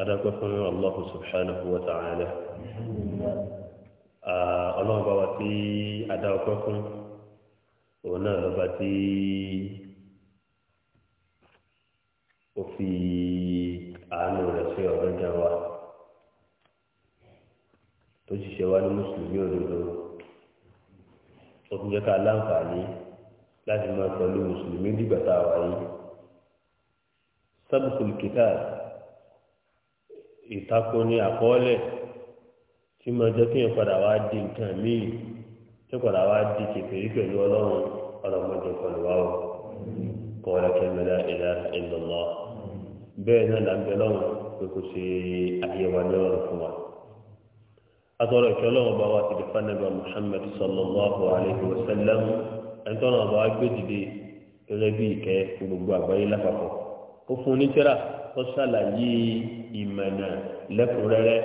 adágbé fún allahu subhanahu wa ta'ala ah, ọlọ́run bá wa tí adágbé fún òun náà lọ́ba tí ó fi àánú rẹ̀ sí ọ̀rọ̀ jà wa tó ṣiṣẹ́ wa ní mùsùlùmí òdodo ó tún jẹ́ ká láǹfààní láti máa pẹ̀lú mùsùlùmí dìgbà tá a wà yìí sábùkù kìtáà ìtako ní àkọọ́lẹ̀ tí mo jẹ́ kí n padà wá di nǹkan míì tí padà wá di kèfèrí pẹ̀lú ọlọ́run ọlọ́mọdé pẹ̀lú wa o kọ́ọ̀lẹ́ kẹ́mẹ́lá ìlà ìlọ́lọ́ bẹ́ẹ̀ náà là ń bẹ lọ́run pé kò ṣe ayé wa ní ọ̀rọ̀ fún wa. atọ́rọ̀ ìfẹ́ ọlọ́run bá wa ti di fanẹ́bà muhammed sallallahu alayhi wa sallam ẹni tọ́nà bá wa gbé dìde gẹ́gẹ́ bí ìkẹ́ gbogbo àgbáyé lápapọ̀ tó ṣàlàyé ìmọ̀nà lẹ́kùnrẹ́rẹ́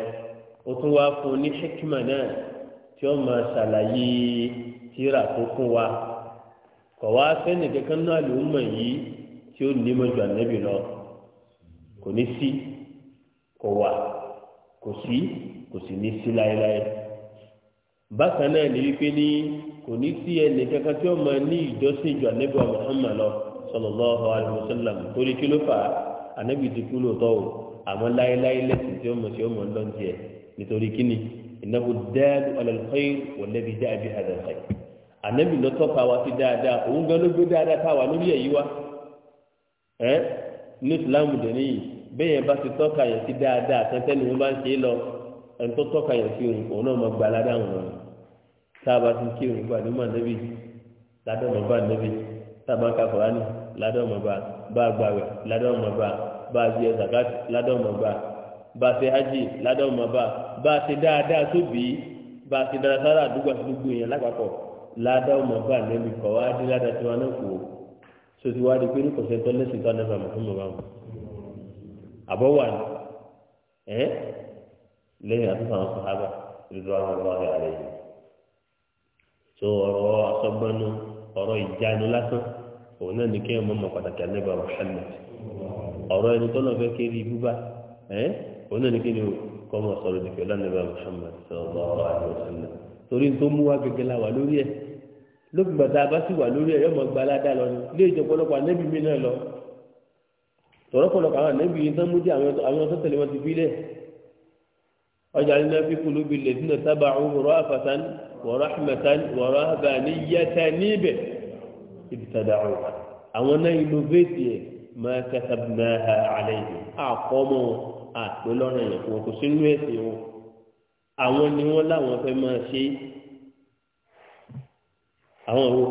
ó tún wá fún ní hekima náà tí ó máa ṣàlàyé tíra tó kún wa kọ̀ wá sẹ́ni kankan náà ló mọ̀ yìí tí ó ní mọ́jú ànábì lọ kò ní sí kò wà kò sí kò sì ní sí láéláé bákan náà ní wípé ní kò ní sí ẹnì kankan tí ó máa ní ìjọsìn ìjọ ànábì wa muhammad lọ sọlọ́lọ́hu alayhi wa sallam torí kí ló fà á ànábì ti kú lóòótọ́ o àmọ́ láéláé lẹ́sìn tí ó mọ̀ sí ọmọ ńlọ́ọ̀tì ẹ̀ nítorí kíni ìnáwó dáàbò ọlọ́lọ́kọ́yì wọ̀lẹ́bí dáàbí àdàkọ́yì ànábì ló tọ́ka wa sí dáadáa òun gan ló gbé dáadáa táwa lórí ẹ̀yí wa ẹ́ ní ìsìláàmù dẹ̀ níyì bẹ́ẹ̀ yẹn bá ti tọ́ka yẹn sí dáadáa àtẹ́tẹ́ ni wọ́n bá ń ṣe é lọ ẹni tó tọ́ka yẹn sí òun òun náà mọ gba aládàáhùn rẹ̀ táàbà ti kí òun gbà nímọ̀ nẹ́bí ládọ́mọ̀ bá nẹ́bí táàbà kakọ̀rání ládọ́mọ̀ bá bá gbàwẹ̀ ládọ́mọ̀ bá bá a jẹ zakat ládọ́mọ̀ bá bá a ṣe hajj ládọ́mọ̀ bá bá a ṣe dáadáa sóbì bá a ṣe dáadáa sára àdúgbò àti gbogbo èèyàn lápapọ̀ ládọ́mọ̀ bá lẹ́nu kọ̀ wá dé ládàá tí wọn náà kù ó so ti wá di pé kò sẹ́ńtọ́ lẹ́sìn tó anáfà mọ̀túnmọ̀ bá wọn. àbọ̀ wà ní ẹ́ lẹ́yìn àtúntò àwọn sọ̀hábà ìlú àwọn yìí so ọ̀rọ̀ asọ́gbọ́nú ọ̀rọ̀ ìjánu lásán òun náà ní kí ẹ̀ mọ́ mọ́ pàtàkì alẹ́ bá wà hàlẹ́ ọ̀rọ̀ ẹni tó náà fẹ́ kéré ibúba ẹ́ òun náà ní kí ni o kọ́ mọ̀ sọ̀rọ̀ dìkẹ́ lánàbà muhammad sọ̀rọ̀ ọ̀rọ̀ àdìsílẹ̀ torí tó mú wa gẹ́gẹ́ la wà lórí ẹ̀ lókùgbà tá a bá sì wà lórí ẹ̀ yọmọ gba aládá lọ ni ilé ìjọpọ̀lọpọ̀ anẹ́bí mi náà lọ tọ̀rọ̀pọ̀lọpọ̀ àwọn anẹ́bí yìí tán mú dé àwọn tó tẹ̀lé wọn ti bílẹ̀ ọjà nínú ẹbí kúlú bíi lẹ́sìnà sábà àwọn náà innovate yẹn máa kẹta náà ha àlẹ́ yìí àkọ́mọ́ àpè lọ́rùn ẹ̀yẹ̀ fún wọn kò sínú ẹ̀sìn wọn àwọn ni wọ́n láwọn fẹ́ máa ṣe àwọn wo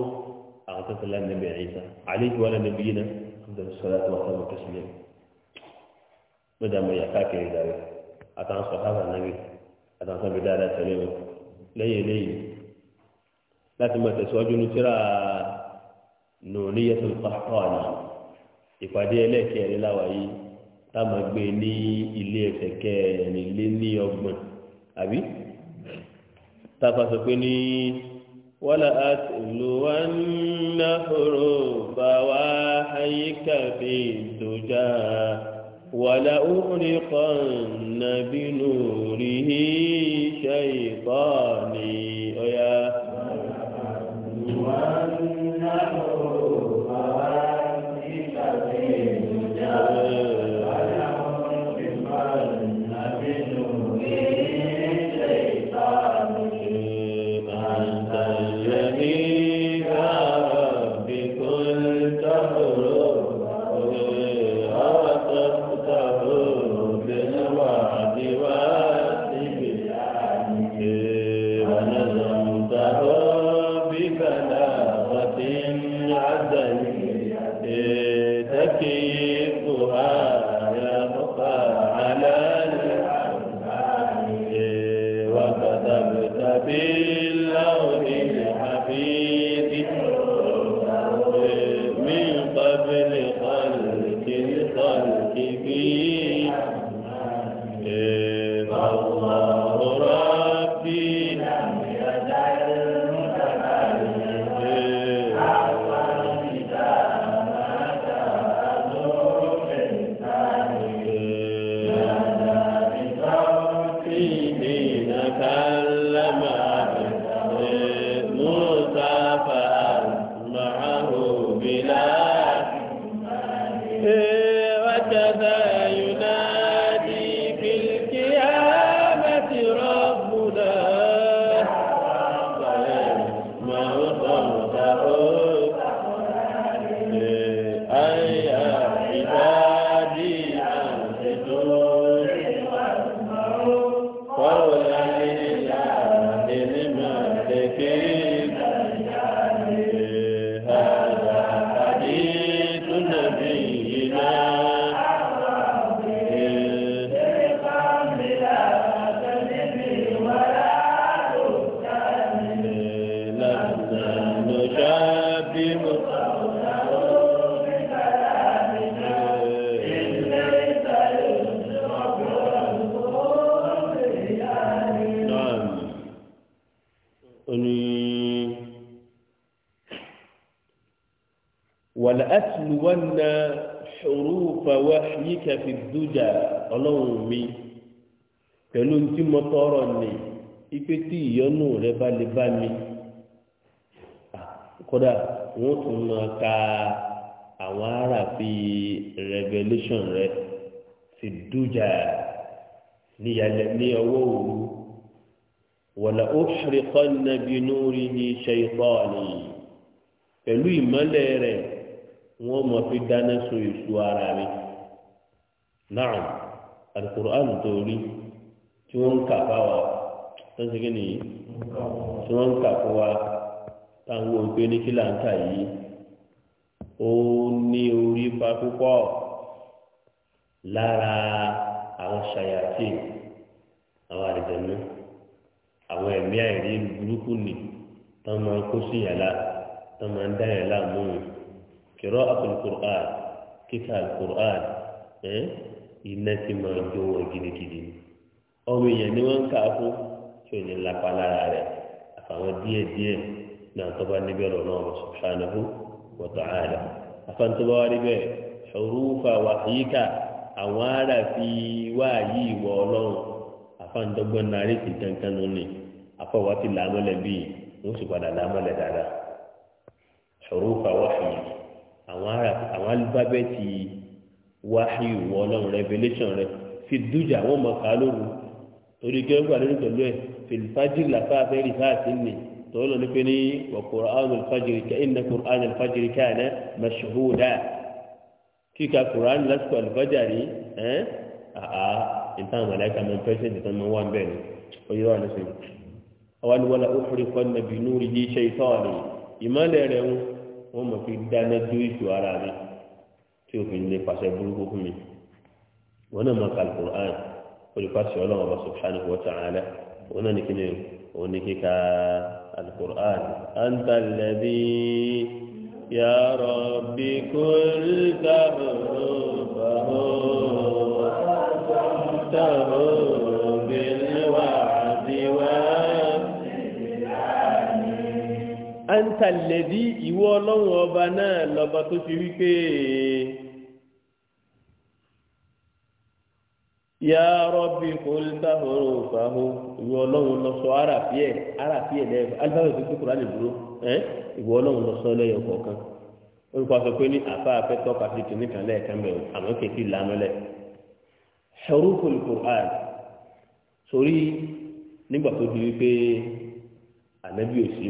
àwọn tó tẹ̀lé ẹ̀nẹ́bẹ̀ ẹ̀yẹ́sà àlẹ́ yìí wọ́n lẹ́nu bí yìí náà àbẹ̀rẹ̀ sọ́lá tó wà fún ọmọ kẹsìlẹ̀ mọ́dàmọ́ yà káàkiri dàrẹ́ àtàwọn sọ̀tàbà nàbì àtàwọn sọ̀bì dáadáa tẹ̀lé wọn lẹ́yìn eléyìí láti máa tẹ̀síwájú ní tíra nù níyẹ̀sùn pàtàkì ìpàdé ẹlẹ́kẹ̀ẹ́rin láwa yìí táwọn gbé e ní ilé ẹsẹ̀ kẹrin lé ní ọgbọ̀n àbí táfà sọ pé ní wàlà àtìlúwànàfòrò bàwá ayíkàfé ìdòjà wàlà òrìkàn nàbínú rí ṣe ìkọ́ni. وتعالى tí mo tọrọ ni ipe tí ìyọnu rẹ bá lè bá mi kódà wọn tún máa ka àwọn ará fi revolution rẹ ti dújà níyàlẹ ní ọwọ òru wọlé ó nàbí núrí ní ṣèyíkọ́ọ̀nì pẹ̀lú ìmọ̀lẹ̀ rẹ wọn mọ̀ fi dáná sun ìṣú ara mi náà alukur'an tó rí tí wọ́n ń kà fáwa tó ń segin nìyí tí wọ́n ń kà fún wa táwọn òpè ní kílà ń kà yìí ó ní orí pa púpọ̀ lára àwọn ṣàyàtì àwọn àdìgbẹ̀mí àwọn ẹ̀mí àìrí burúkú ni tán máa kó sí yàrá tán máa ń dá yàrá mú un kìrọ́ àkùnkùrán kíkà àkùnkùrán ẹ̀ iná ti máa jó wọn gidigidi ni ọmọ èèyàn ni wọ́n ń kà á fún tí ò ní lápá lára rẹ̀ àfàwọn díẹ̀ díẹ̀ náà tó bá níbẹ̀ lọ náà ṣùgbọ́n wọ́tọ̀ ààrẹ afẹ́ntọ́bọ̀ wá níbẹ̀ ṣòrúfà wà yíká àwọn ará fi wá yí ìwọ ọlọ́run afẹ́ntọ́gbọ́n náírà ti kankan lónìí afọwọ́ ti làmọ́lẹ̀ bíi wọ́n sì padà làmọ́lẹ̀ dáadáa ṣòrúfà wà yìí àwọn ará àwọn alifábẹ́ẹ̀tì wá yí ìwọ ọlọ́run rẹ fi dújà wọ́n mọ̀ ká lóru orí kí wọ́n gbà lórí pẹ̀lú ẹ̀ fìlìfájìrì làfà abẹ́rì fáàtì nì tọ́wọ́ lọ ní pé ní wàkùrọ̀ àwọn alfájìrì ká iná kùrọ̀ àwọn alfájìrì ká ẹ̀ mẹ́ṣuhúdà kíka kùrọ̀ àwọn lásìkò alfájàrí ẹ̀ àá ìtàn àmàlẹ́kà mọ̀ pẹ́sẹ̀ntì tán mọ̀ wà ń bẹ̀rẹ̀ oyè wà lọ́sẹ̀ àwọn ni wọ́n la ófúri kọ́ nàbí núri yìí ṣe ìtọ́ọ̀lì ìmọ̀lẹ̀ rẹ̀ wọ́n mọ̀ fi dáná dú ìṣù ara mi tí òfin lè pàṣẹ burúkú fún mi wọ́n náà mọ̀ kàlùkùrọ̀ àwọn olùpàṣẹ ọlọ́run ọba subhanahu wa ta'ala òun náà ní kí ni òun ní kíka alukur'an antalẹbi yàrá bí kò rí tàbí bàbá tàbí bìnrin ọlọ́run ọba náà lọ́ba tó fi wípé. ya rọ́bì kòlítàhóró fàáhó ìwọ ọlọ́run lọ sọ àràfíẹ́ àràfíẹ́ lẹ́yìn alifáwọ̀ tó kí kúrò dúró ẹ́ ìwọ ọlọ́run lọ sọ lẹ́yìn ọ̀kọ̀ọ̀kan orúkọ aṣọ pé ní àfa afẹ́ tọ́ka sí kan lẹ́ẹ̀kan bẹ̀rù àmọ́ lánàlẹ̀ ṣòro sórí nígbà tó di wípé ànábì ò sí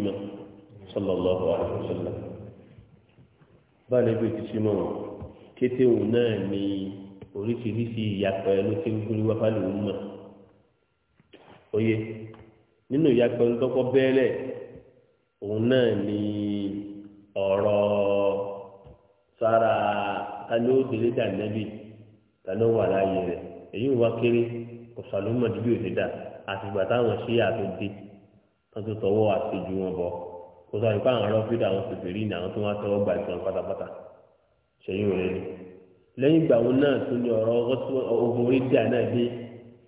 ti sí oríṣiríṣi ìyàpẹ̀ ló ti ń gúrí wá fáliwò mọ̀ oyè nínú ìyàpẹ̀ olùtọ́kọ́ bẹ́ẹ̀lẹ̀ òun náà ni ọ̀rọ̀ sára tani ó délé dànẹ́bì tani ó wà láàyè rẹ̀ èyí ń wá kéré kò sàlùmọ̀ díbí òde dà àtìgbà táwọn ṣí àtòdé wọn tó tọwọ́ àtijọ́ wọn bọ̀ kò sọ àyíká àwọn ọlọ́fíìdà àwọn pèpèrè ní àwọn tó wá tọwọ́ gbà ìtàn pátápátá ṣẹ́yìn òun rẹ̀ ni. lẹ́yìn ìgbà wọn náà tún ní ọ̀rọ̀ ogun orí díà náà dé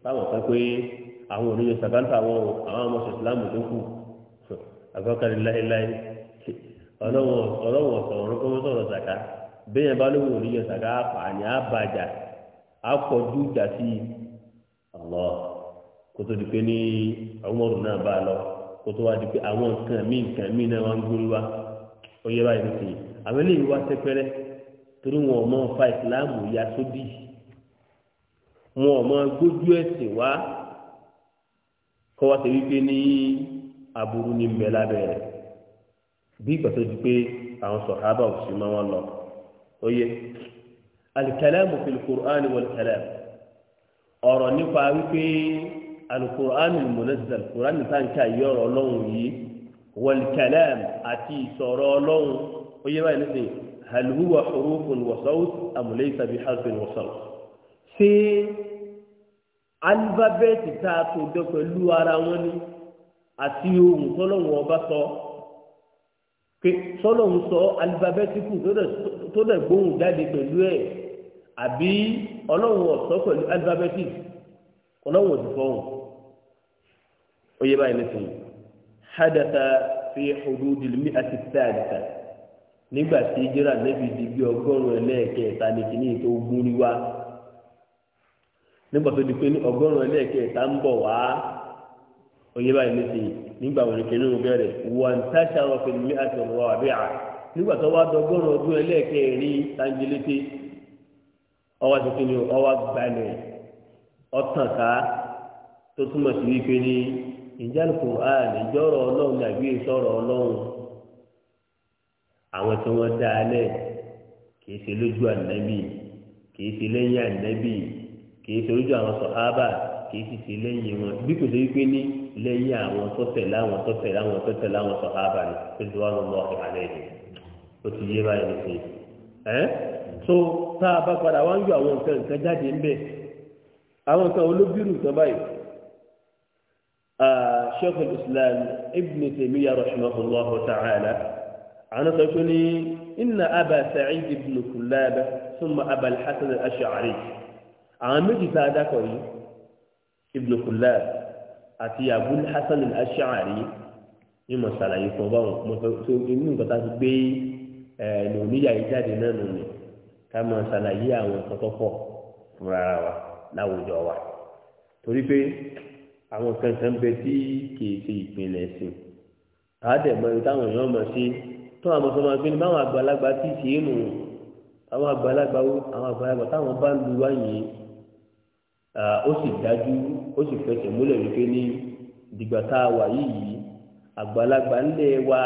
báwọn kan pé àwọn òní yóò sàkáńtà wọn o àwọn ọmọ sọ̀tìlámù tó kù àgbọ̀kadì láéláé ọlọ́wọ̀n ọ̀sọ̀rọ̀ ọ̀rọ̀ kọ́mọ́ sọ̀rọ̀ sàká bá lóun òní yóò sàká àpààní àbàjà ìjà sí di pé ní náà bá lọ wá torí wọn ò mọ fa ìsìláàmù ya sódì wọn ò mọ gbójú ẹsìn wá kọ wá ṣe wípé ní aburú ní mbẹ lábẹrẹ bí ìgbà di pé àwọn sọ̀hábà ò sí wọn lọ oyè alikalamu fi alukur'an wọlikalam ọ̀rọ̀ nípa wípé alukur'an mọ̀nẹ́sì alukur'an tá n ká yí ọ̀rọ̀ ọlọ́run yìí wọlikalam àti ìsọ̀rọ̀ ọlọ́run oyè báyìí nísìnyí hal huwa hurufun wa sawt am laysa bi harfin wa sawt ṣé alifábẹ́ẹ̀tì tá a tó jọ pẹ̀lú ara wọn ni àti ohun tọ́lọ́wọ́n ọba sọ pé tọ́lọ́wọ́n sọ alifábẹ́ẹ̀tìkù tó dẹ̀ gbóhùn jáde pẹ̀lú ẹ̀ àbí ọlọ́wọ́n ọ̀sọ́ pẹ̀lú alifábẹ́ẹ̀tìkù ọlọ́wọ́n ti fọ́hùn oyè báyìí nísìnyí hadatha fi hududil mi'ati thalitha. nígbà tí ìjírà nẹ́bí di bí ọgọ́rùn-ún ẹlẹ́ẹ̀kẹta ní kíní tó wá nígbà tó di pé ní ọgọ́rùn-ún ẹlẹ́ẹ̀kẹta ń bọ̀ wá oyè báyìí nígbà wọn kìíní wọn bẹ̀rẹ̀ wọn táṣà wọn fi mí àti ọ̀rọ̀ àbíà nígbà tó wá dọgọ́rùn-ún ọdún ẹlẹ́ẹ̀kẹrin tangilété ọwọ́ ti kíni ọwọ́ gbalẹ̀ ọ̀tàn ká tó túmọ̀ sí àwọn tí wọ́n dá alẹ́ kìí ṣe lójú ànábì kìí ṣe lẹ́yìn ànábì kìí ṣe lójú àwọn sọ̀hábà kìí sì ṣe lẹ́yìn wọn bí kò ṣe wípé ní lẹ́yìn àwọn tọ́tẹ̀ láwọn láwọn láwọn ni pẹ̀lú àwọn ọmọ ọ̀hìn alẹ́ yìí ó ti yé báyìí ní sèé tó tá a bá padà wá ń yọ àwọn nǹkan nǹkan jáde ń bẹ̀ àwọn nǹkan nǹkan báyìí ah, islam ibn tèmíyà a sọ pé ní iná abà sa'id ibn kulaba súnmọ́ abà hasan al-ashari àwọn méjì tá a dákọ̀ yìí ibn kulaba àti abu hasan al-ashari ní mo ṣàlàyé fún ọ báwọn mo fẹ́ tó inú nǹkan tá a ti gbé ẹ̀ lòmíyà yìí jáde náà nù tó àwọn ọmọ ẹgbẹ́ ni báwọn àgbàlagbà ti ṣe é nù àwọn àgbàlagbà àwọn àgbàlagbà táwọn bá lu wáyé ó sì dájú ó sì fẹsẹ̀ múlẹ̀ wípé ní dìgbà tá a wà yìí àgbàlagbà ńlẹ̀ wa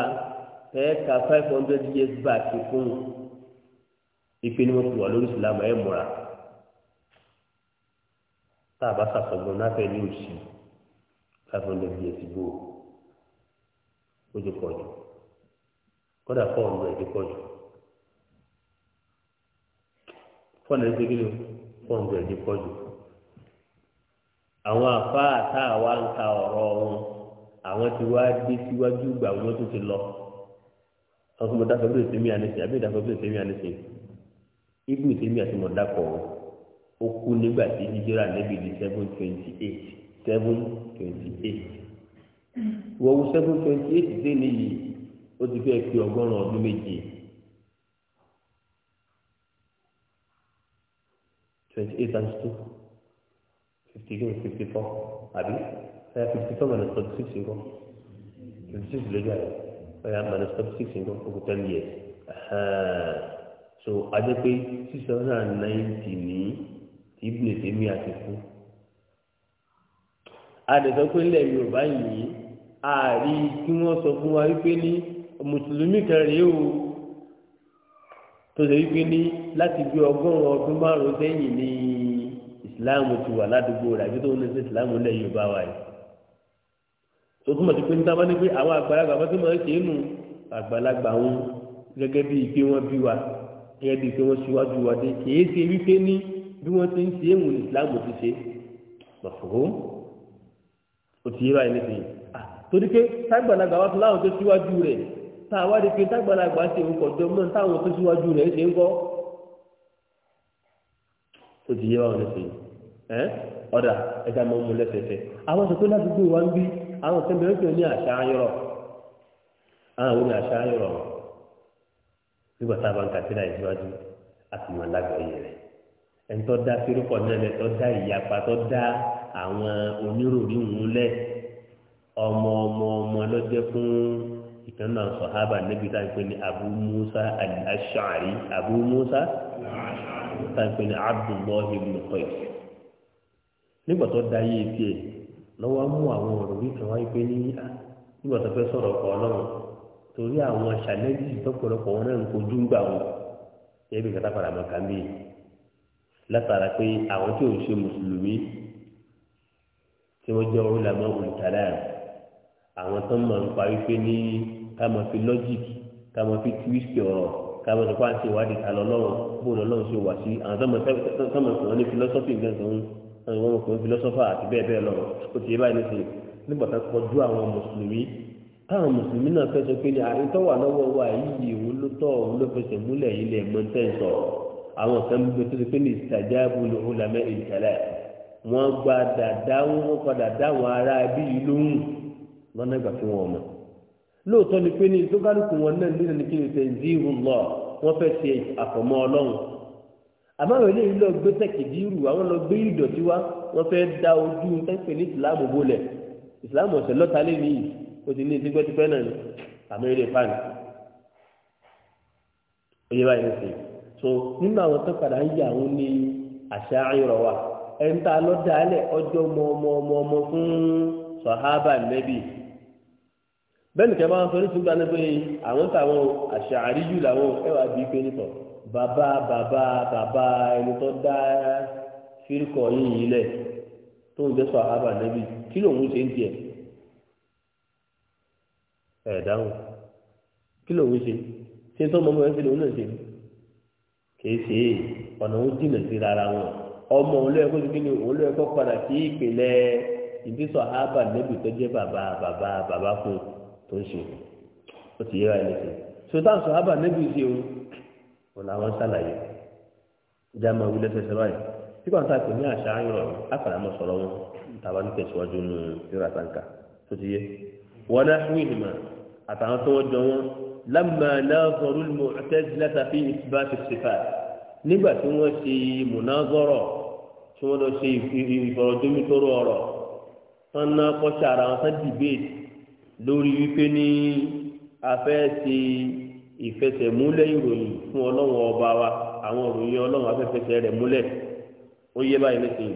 ẹ̀ẹ́ka five hundred years back fún ife ni wọ́n ti wà lórí ìsìlámù ẹ̀ múra tá a bá sàtọ̀gbọ́n náà ní òsì five hundred years ago ó ti pọ̀ jù kódà fọ́ọ̀nù rẹ̀ ti pọ̀ jù fọ́ọ̀nù rẹ̀ ti kí ni fọ́ọ̀nù rẹ̀ ti pọ̀ jù àwọn àfáà tá a wá ń ka ọ̀rọ̀ wọn àwọn ti wá dé síwájú gbà wọn tó ti lọ àwọn tó mọ dáfọ́ bí ètèmí ànísìn àbí ìdáfọ́ bí ètèmí ànísìn ibi ètèmí àti mọ̀ dákọ̀ wọn ó kú nígbà tí jíjẹ́ra níbi di seven twenty eight seven twenty eight wọ́n wo seven twenty eight dé níyì ó ti fẹ́ fi ọgọ́rùn ọdún méje twenty eight times two fifty two fifty four àbí ẹ fifty four minus forty six nǹkan fifty six lójú àyè ọ̀yà minus forty six nǹkan fún ten years so adé pé six hundred and ninety ní ibùdó tèmi àti fún adẹ̀sọ́ pé ńlẹ̀ yorùbá yìí ààrí kí wọ́n sọ fún wa wípé ní mùsùlùmí kan rèé o tó ṣe wípé ní láti bí ọgọ́rùn-ún ọdún márùn-ún sẹ́yìn ní ìsìláàmù ti wà ládùúgbò rẹ̀ àbí tó ń lè ṣe ìsìláàmù lẹ̀ yorùbá wa yìí tó túmọ̀ sí pé ní tábà ní pé àwọn àgbàlagbà bá tó máa ṣe é nù àgbàlagbà wọn gẹ́gẹ́ bíi pé wọ́n bí wa gẹ́gẹ́ bíi pé wọ́n ṣíwájú wa dé kìí ṣe wípé ní bí wọ́n ti ń ṣe èwùn ìsìláàmù ti ṣe mọ̀fòó tá a wá di pé tágbàlagbà ṣe ń kọjọ mọ́ táwọn tó síwájú rẹ̀ ṣe ń kọ́ ó ti yé wa ọ̀nà sí ẹ́ ọ̀dà ẹja máa ń mú lẹ́sẹsẹ àwọn sọ pé ládùúgbò wa ń bí àwọn sẹ́mi rẹ̀ pẹ̀lú ní àṣà ayọ̀rọ̀ àwọn òun ní àṣà ayọ̀rọ̀ nígbà tá a bá ń kàtírà ìṣíwájú àti mọ̀ lágbàáyé rẹ̀ ẹni tó dá sírúkọ náà lẹ tó dá ìyapa tó dá àwọn onírúurú ń lẹ ọmọ ọmọ ọmọ lọ́jẹ́ fún ìtàn náà sọ̀hábà níbi tá à ń pè ní abu musa al-ashari abu musa tá à ń pè ní abdullahi ibn qais nígbà tó da yé tiẹ̀ lọ́wọ́ mú àwọn ọ̀rọ̀ wíkan wáyé pé ní ah, nígbà tó fẹ́ sọ̀rọ̀ kọ́ ọlọ́run torí àwọn challenges tọ́pọ̀lọpọ̀ wọn náà ń kojú ń gbà wọn ẹbí kata fara mọ́ kàmí látara pé àwọn tí ò ń ṣe mùsùlùmí tí wọ́n jẹ́ orí làmọ́ òǹtàlá àwọn tó ń mọ̀ ń parí pé ní ká mọ̀ fi lọ́jìkì ká mọ̀ fi túwìsì ọ̀rọ̀ ká mọ̀ sọ́kọ́ àti ìwádìí ta lọ́lọ́run bó lọ́lọ́run ṣe wà sí àwọn sọ́mọ̀ sọ̀rọ̀ ní fílọ́sọ́fì nǹkan tó ń wọ́n kò ń fílọ́sọ́fà àti bẹ́ẹ̀ bẹ́ẹ̀ lọ ó ti yé báyìí nísìnyí nígbà tó kọjú àwọn mùsùlùmí táwọn mùsùlùmí náà fẹ́ sọ pé ní àìtọ́wà lọ́wọ́ wa yìí òun ló tọ́ òun ló fẹsẹ̀ múlẹ̀ yìí lẹ̀ mọ́ tẹ́ sọ àwọn kan bẹ tó ti pé ní ìtajáàbù ló ń lamẹ́ ìjàlẹ̀ wọ́n gba dàdáwọ́ wọn padà dáwọn ará bí ìlú ń lọ́nà ìgbà tí wọ́n mọ̀ lóòótọ́ ni pé ní tó kálukú wọn náà nínú ní kí ni ṣe zíìrù lọ wọ́n fẹ́ ṣe àfọ̀mọ́ ọlọ́run àmọ́ àwọn eléyìí lọ gbé tẹ̀kì dírù àwọn lọ gbé ìdọ̀tí wá wọ́n fẹ́ da ojú tẹ́pẹ̀ ní ìsìláàmù bolẹ̀ ìsìláàmù ọ̀sẹ̀ lọ́ta lé nìyí ó ti ní tipẹ́tipẹ́ náà ni àmọ́ eré fáàlì oyè báyìí ló ṣe so nínú àwọn tó padà ń yà àwọn ní àṣà ayọ̀rọ̀ wa ẹ̀ńtà lọ́dà alẹ́ ọjọ́ mọ́ ọmọ ọmọ ọmọ fún sọ̀hábà nẹ́bí bẹ́ẹ̀ni kẹ́ máa ń sọ ní tún gbani pé àwọn táwọn àṣà àríyù làwọn ẹwà bíi pé nìtọ̀ bàbá bàbá bàbá ẹni tó dá fírikọ̀ yìí yìí lẹ̀ tó ń dẹ́sọ̀ àhábà nẹ́bí kí lòun ṣe ń tiẹ̀ ẹ̀ dáhùn kí lòun ṣe ṣe tó mọ́mọ́ ẹ̀ ń fi lòun náà ṣe kìí ṣe é ọ̀nà òun jìnà sí rárá wọn ọmọ òun lóye kó kí ni òun lóye kó padà sí ìpìlẹ̀ ìdísọ̀ àhábà nẹ́bí tó jẹ́ bàbá bàbá bàbá fún un tó ń ṣe ó ti yẹra ẹni sìn sọtá sọhábà níbi ìṣe o wọn làwọn ṣàlàyé ìjà máa wí lẹsẹsẹ báyìí pípa ta pè ní àṣà ayọrọ àfàlámọ sọrọ wọn tàbá ní tẹsíwájú nù yọrọ àtàǹkà tó ti yẹ wọn náà fún ìdìmọ àtàwọn tó wọn jọ wọn lámà náàzọrú mọ àtẹsílẹsà fi ìfibá ti ṣèfà nígbà tí wọn ṣe mùnàzọrọ tí wọn lọ ṣe ìfọrọdómítọrọ ọrọ tán náà kọṣà ara wọn tán dìbéètì lórí wípé ní afẹ́ ti ìfẹsẹ̀múlẹ̀ ìròyìn fún ọlọ́run ọba wa àwọn ìròyìn ọlọ́run afẹ́fẹsẹ̀ rẹ̀ múlẹ̀ ó yé báyìí lẹ́sìn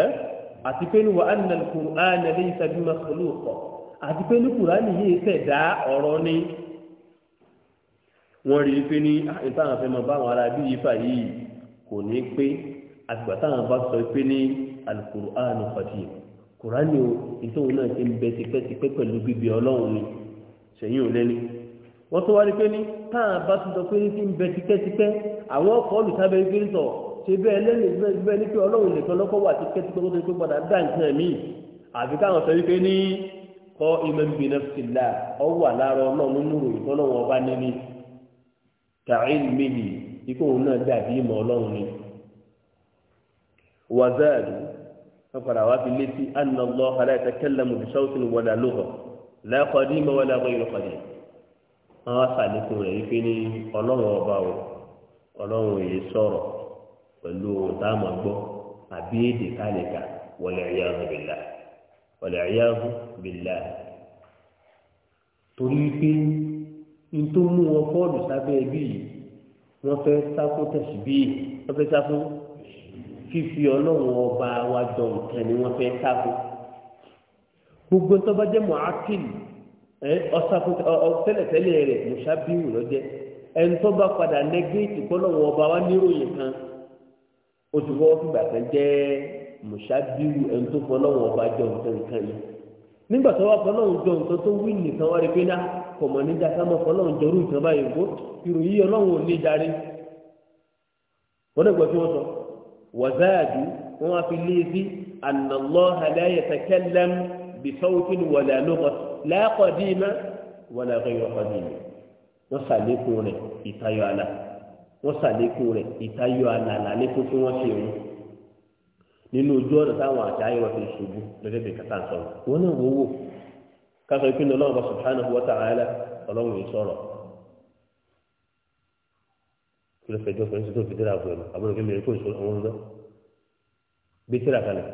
ẹ́ àti pé ní wà á nà kùrán ẹ̀lẹ́ ìsàbí máa sọ̀lú ọ̀kọ̀ àti pé ní kùrán yìí ṣẹ̀dá ọ̀rọ̀ ni wọ́n rí i pé ní ìtàn àfẹ́ máa bá àwọn ará bí yìí fà yìí kò ní pé àgbà táwọn bá sọ pé ní alukùrán ọ̀fàdìyàn kùránì o ìtòun náà ti ń bẹ tipẹ́tipẹ́ pẹ̀lú bíbí ọlọ́run ni sẹ́yìn ò lẹ́ni wọ́n tó wá rí pé ní táà bá tún sọ pé ní ti ń bẹ tipẹ́tipẹ́ àwọn ọkọ̀ olùsábẹ́ ìgbérí sọ ṣe bẹ́ẹ̀ lẹ́nu bẹ́ẹ̀ ní pé ọlọ́run nìkan lọ́kọ́ wà tipẹ́tipẹ́ tó ní pé dá nǹkan mí àfi káwọn sọ wípé ní kọ́ ìmọ̀nbí nafsìlá ọwọ́ àlárọ̀ ọlọ́run nínú wọn padà wá fi létí anàlọ́ aláìsá kẹlẹ́mù bisọ́ọ̀tún wọlé lóhọ̀ lẹ́kọ̀ọ́dí mọ́ wọlé àgbọ̀ yìí lọ́kọ̀ọ́dí wọn wá sàlékún rẹ̀ yìí fi ní ọlọ́run ọba o ọlọ́run yìí sọ̀rọ̀ pẹ̀lú táàmù gbọ́ àbí èdè kálíkà wọlé ẹ̀yáhùn bìlá wọlé ẹ̀yáhùn bìlá torí pé ntòmú wọn fọ́ọ̀lù sábẹ́ ẹbí wọ́n fẹ́ sá fún tẹ̀síbí wọ́n fẹ́ sá fífi ọlọ́run ọba wa jọ nǹkan ni wọ́n fẹ́ sáfù gbogbo tó bá jẹ́ mọ̀ákìlì ọ̀sàkùtẹ̀lẹ̀tẹ̀lẹ̀ rẹ̀ mùsàbíwù lọ́jẹ́ ẹni tó bá padà nẹgẹ́ẹ̀tì kọ́lọ́run ọba wa níròyìn kan oṣù fọwọ́ fìgbà kan jẹ́ ẹni tó fọlọ́run ọba jọ nǹkan yìí nígbà jọ nǹkan tó wí nìkan wá rí pé ná níjà fọlọ́run jọrú báyìí ìròyìn وزادوا وما في fi أن الله لا يتكلم بصوت ولا lóko لا قديمة ولا غير قديمة sàlékún rẹ̀ ìtayọ̀ àlà wọ́n sàlékún rẹ̀ ìtayọ̀ àlà làlékún tí wọ́n ṣe wọn nínú ojú ọ̀nà táwọn àṣà ayé wọn fi ṣubú lọ́sẹ̀ fi kàtà sọ̀rọ̀ wọn náà wọ́wọ́ kásọ̀ ìpínlẹ̀ ọlọ́run bá subhanahu wa ta'ala ọlọ́run yìí sọ̀rọ̀ kí ló fẹjọ́ fẹ́ nítorí fi tíra fún ẹ àbúrò kí mèrè kó ìṣó ọ̀hún lọ gbé tíra kalẹ̀.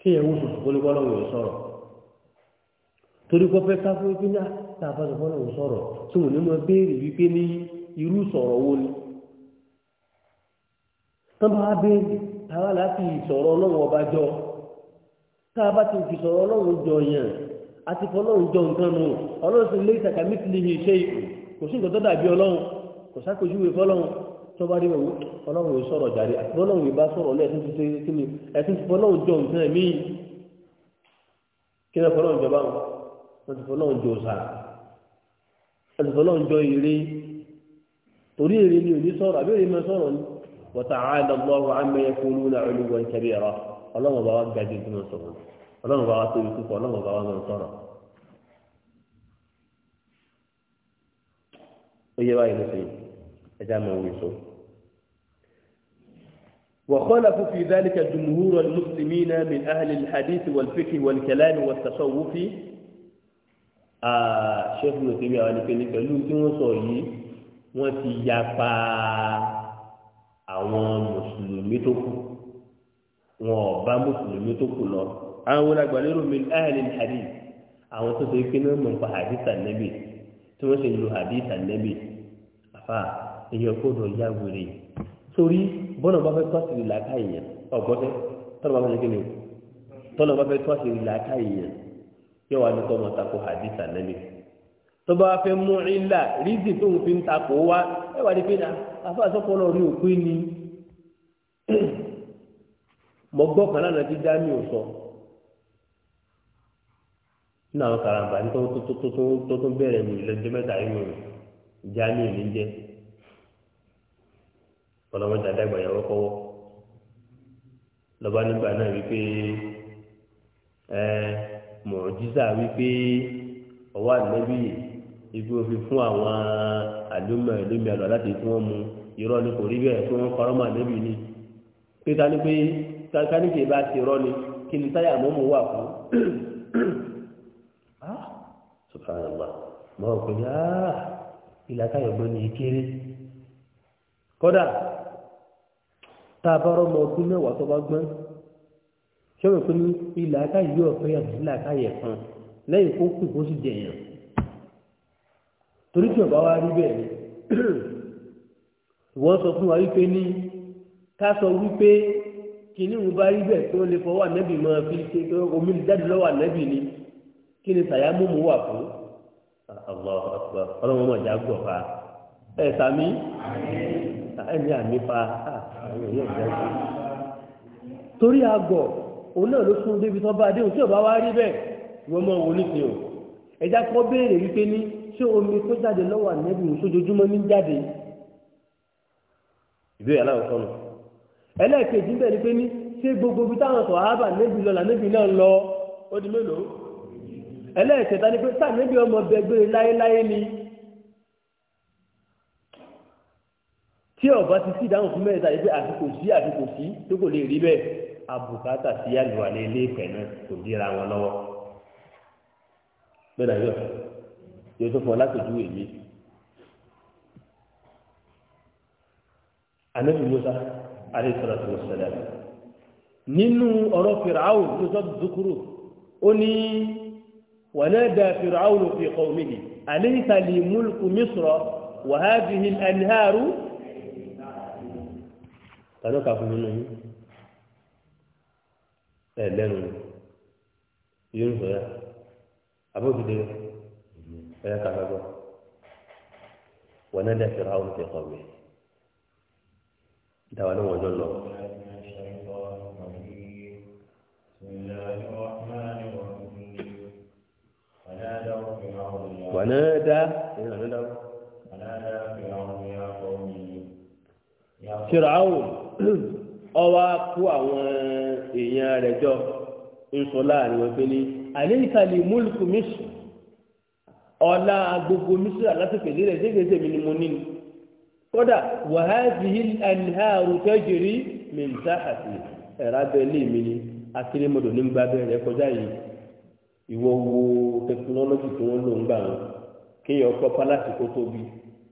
kí ẹ wú sùn kó ní kọ́ lọ́wọ́ sọ̀rọ̀ torí kọ́ fẹ́ ká fún ìpínlẹ̀ tá a bá sọ fọ́nà òun sọ̀rọ̀ tí wọn ní mo béèrè wípé ní irú sọ̀rọ̀ wo ni tán bá béèrè táwa láti ìsọ̀rọ̀ ọlọ́run ọba jọ tá ti fi sọ̀rọ̀ ọlọ́run jọ yẹn àti fọlọ́run jọ nǹkan nù ọlọ́run sì lé ìsàkà mítìlìhì ṣe kò sí nǹkan tó dàbí ọlọ́run kò sákòjúwe fọlọ́run tó bá rí wọ̀ ọlọ́run yóò sọ̀rọ̀ jàre àti fọlọ́run yóò bá sọ̀rọ̀ lẹ́ ẹ̀sìn ti ṣe kíni ẹ̀sìn ti fọlọ́run jọ nǹkan mí kí ni fọlọ́run jọ báwọn wọ́n ti fọlọ́run jọ sà sọ̀rọ̀ ọlọ́run bá wa tóbi púpọ̀ ọlọ́run bá wa mọ̀ sọ̀rọ̀ ó yẹ báyìí lóṣù ẹja mọ̀ wí so. وخلف في ذلك جمهور المسلمين من أهل الحديث والفقه والكلام والتصوف ṣẹ́fù ló tẹ́lẹ̀ àwọn ẹnikẹ́ni pẹ̀lú tí wọ́n sọ yìí wọ́n ti yapa àwọn mùsùlùmí tó kù wọn ò bá mùsùlùmí tó kù lọ àwọn wọn agbàlérò mi láàrin hadith àwọn tó ṣe pé ní mọ̀ nípa hadith ànẹ́bì tí wọ́n ṣe lo hadith ànẹ́bì àfà èèyàn gbọ́dọ̀ yá wèrè torí bọ́nà bá fẹ́ tó àṣírí làákà èèyàn ọ̀gbọ́sẹ́ tọ́nà bá fẹ́ kí ni o tọ́nà bá fẹ́ tó àṣírí làákà èèyàn yóò wá ní kọ́ ọmọ tako hadith ànẹ́bì tó bá fẹ́ mú ilà rídì tó ń fi ń takò wá ẹ wà ní pé àfà àsọpọ̀lọ́ rí òpin ni ti dá mi ò sọ nínú àwọn karambà ní tó tó bẹ̀rẹ̀ ní ìlọ́jọ́ mẹ́ta yìí mọ̀ ìjà ní jẹ́ ọlọ́mọdé àdàgbà yàwó kọ́wọ́ lọ́ba nígbà náà wípé mọ̀ọ́jísà wípé ọwọ́ òfin fún àwọn àdúmọ̀ àlọ́ láti fún irọ́ ni kò rí bẹ́ẹ̀ fún ni pé ká í bá ti subhanallah mọ ah, òkú ni áá ilà káyọ̀gbọ́n ni kéré kódà tá a bá rọ́ ọmọ ọdún mẹ́wàá tó bá gbọ́n ṣé wọ́n pín ní ilà káyọ̀ ọ̀pẹ́ àti ilà káyọ̀ kan lẹ́yìn kó kù kó sì jẹ̀yàn torí tí ọba wa rí bẹ́ẹ̀ ni wọ́n sọ fún wa wípé ní ká sọ wípé kìnnìún bá rí bẹ́ẹ̀ tó lè fọwọ́ ànẹ́bì mọ́ fi ṣe omi jáde lọ́wọ́ ànẹ́bì ni kí ni tàyámúmú wà fún allah akbar ọlọ́run mọ̀ já fa ẹ sami ẹ ní àmì fa torí àgọ̀ òun náà ló fún débi tó bá dé òun tí ò bá wá rí bẹ́ẹ̀ wọ́n mọ̀ wò nísìnyí o ẹ̀já kọ́ béèrè wípé ní ṣé omi tó jáde lọ́wọ́ ànẹ́bí sójoojúmọ́ ní jáde ìbéèrè aláwọ̀kọ́ nù ẹlẹ́ẹ̀kejì ń bẹ̀ ni pé ní ṣé gbogbo ibi táwọn sọ̀ ábà nẹ́bí lọ lànẹ́bí náà lọ ó di mélòó ẹlẹ́ẹ̀kẹta ni pé sáà níbi ọmọ bẹgbẹ́ láéláé ni tí ọba ti sí ìdáhùn fún mẹ́ta yìí pé àsìkò sí àsìkò sí tó kò lè rí bẹ́ẹ̀ abùkátà sí àlùwalẹ̀ ilé ìfẹ́ náà kò dira wọn lọ́wọ́ bẹ́ẹ̀ náà yọ yóò tó fọ látòjú èmi anabi musa alayisalaatu wa salaam nínú ọ̀rọ̀ fìràwọ̀ tó sọ dùkúrò ó ní. ونادى فرعون في قومه أليس لي ملك مصر وهذه الأنهار كانوا كافرين ẹlẹ́nu yóò ń sọ ya abókùdé ẹ̀yà kàkàgbọ́ wọn náà dẹ̀ fẹ́ràn àwọn ọ̀tẹ̀ kọ̀wé dáwọn ní wọn jọ lọ. ونادى فرعون na kó àwọn èèyàn rẹ̀ jọ ń sọ láàrin wọn pé ní àléìsàlẹ̀ múlùkù mísù ọ̀la gbogbo mísù alásìkò ìdílé ṣégeṣe mi ni mo ní ni kódà wàhálì àníhàrù tẹ́jìrì mẹ́ta ìwọ wo tẹkinọlọgì tí wọn lò ń gbà wọn kéèyàn ọkọ pálásì kó tóbi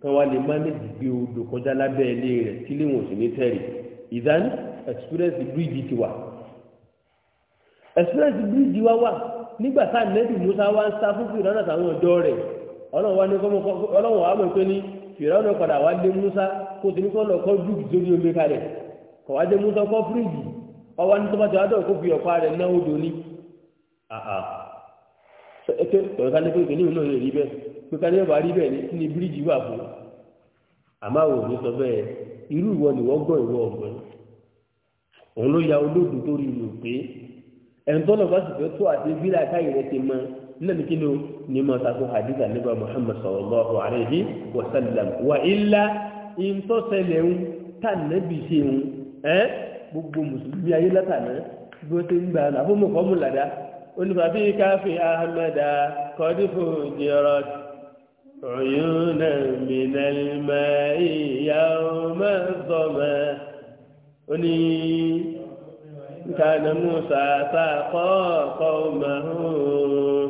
kán wá lè mánéjì gbé odò kọjá lábẹ́ ilé rẹ̀ tí léwọ̀n sì ní tẹ̀rì ìdán experience bíríìjì ti wà experience bíríìjì wá wà nígbà tá nẹ́bì musa wá ń sá fún fìrànà àtàwọn ọjọ́ rẹ̀ ọlọ́run wá ní ọlọ́run wá mọ̀ pé ní fìrànà padà wá dé musa kó ti ní kọ́ lọ kọ́ bíríìjì sórí omi kalẹ̀ kọ́ wá dé musa kọ́ bíríìjì ọwọ́ ní tọ́mọ́tì ẹ̀kẹ́ ọ̀rọ̀ká ní pé ìpínlẹ̀ ìlú náà rí bẹ́ẹ̀ pé ká ní ọ̀bà rí bẹ́ẹ̀ ní ní bíríìjì wà fún àmọ́ àwọn òní sọ bẹ́ẹ̀ irú ìwọ ni wọ́n gbọ́ ìwọ ọ̀gbọ́n òun ló ya olóòdù tó rí ìlú pé ẹ̀ńtọ́nà bá sì fẹ́ tó àti bílà káyì rẹ ti mọ náà ní kí ló ní mọ sako hadith aniba muhammad sallallahu alayhi wa wa illa ìntọ́sẹ̀lẹ̀ ń tà ṣe ń ẹ́ gbogbo mùsùlùmí ayé látàná bí wọ́n ti ń gbà láfọ́mọ̀kọ́mù làdá onífàbí káfí ahmeda kọ́dífò jẹ́rọ̀ ọ̀yọ́nà mìnàlmẹ́ ìyàwó mẹ́sọ̀mẹ́ oní nǹkan musa sàkọ́ kọ́mọ̀hún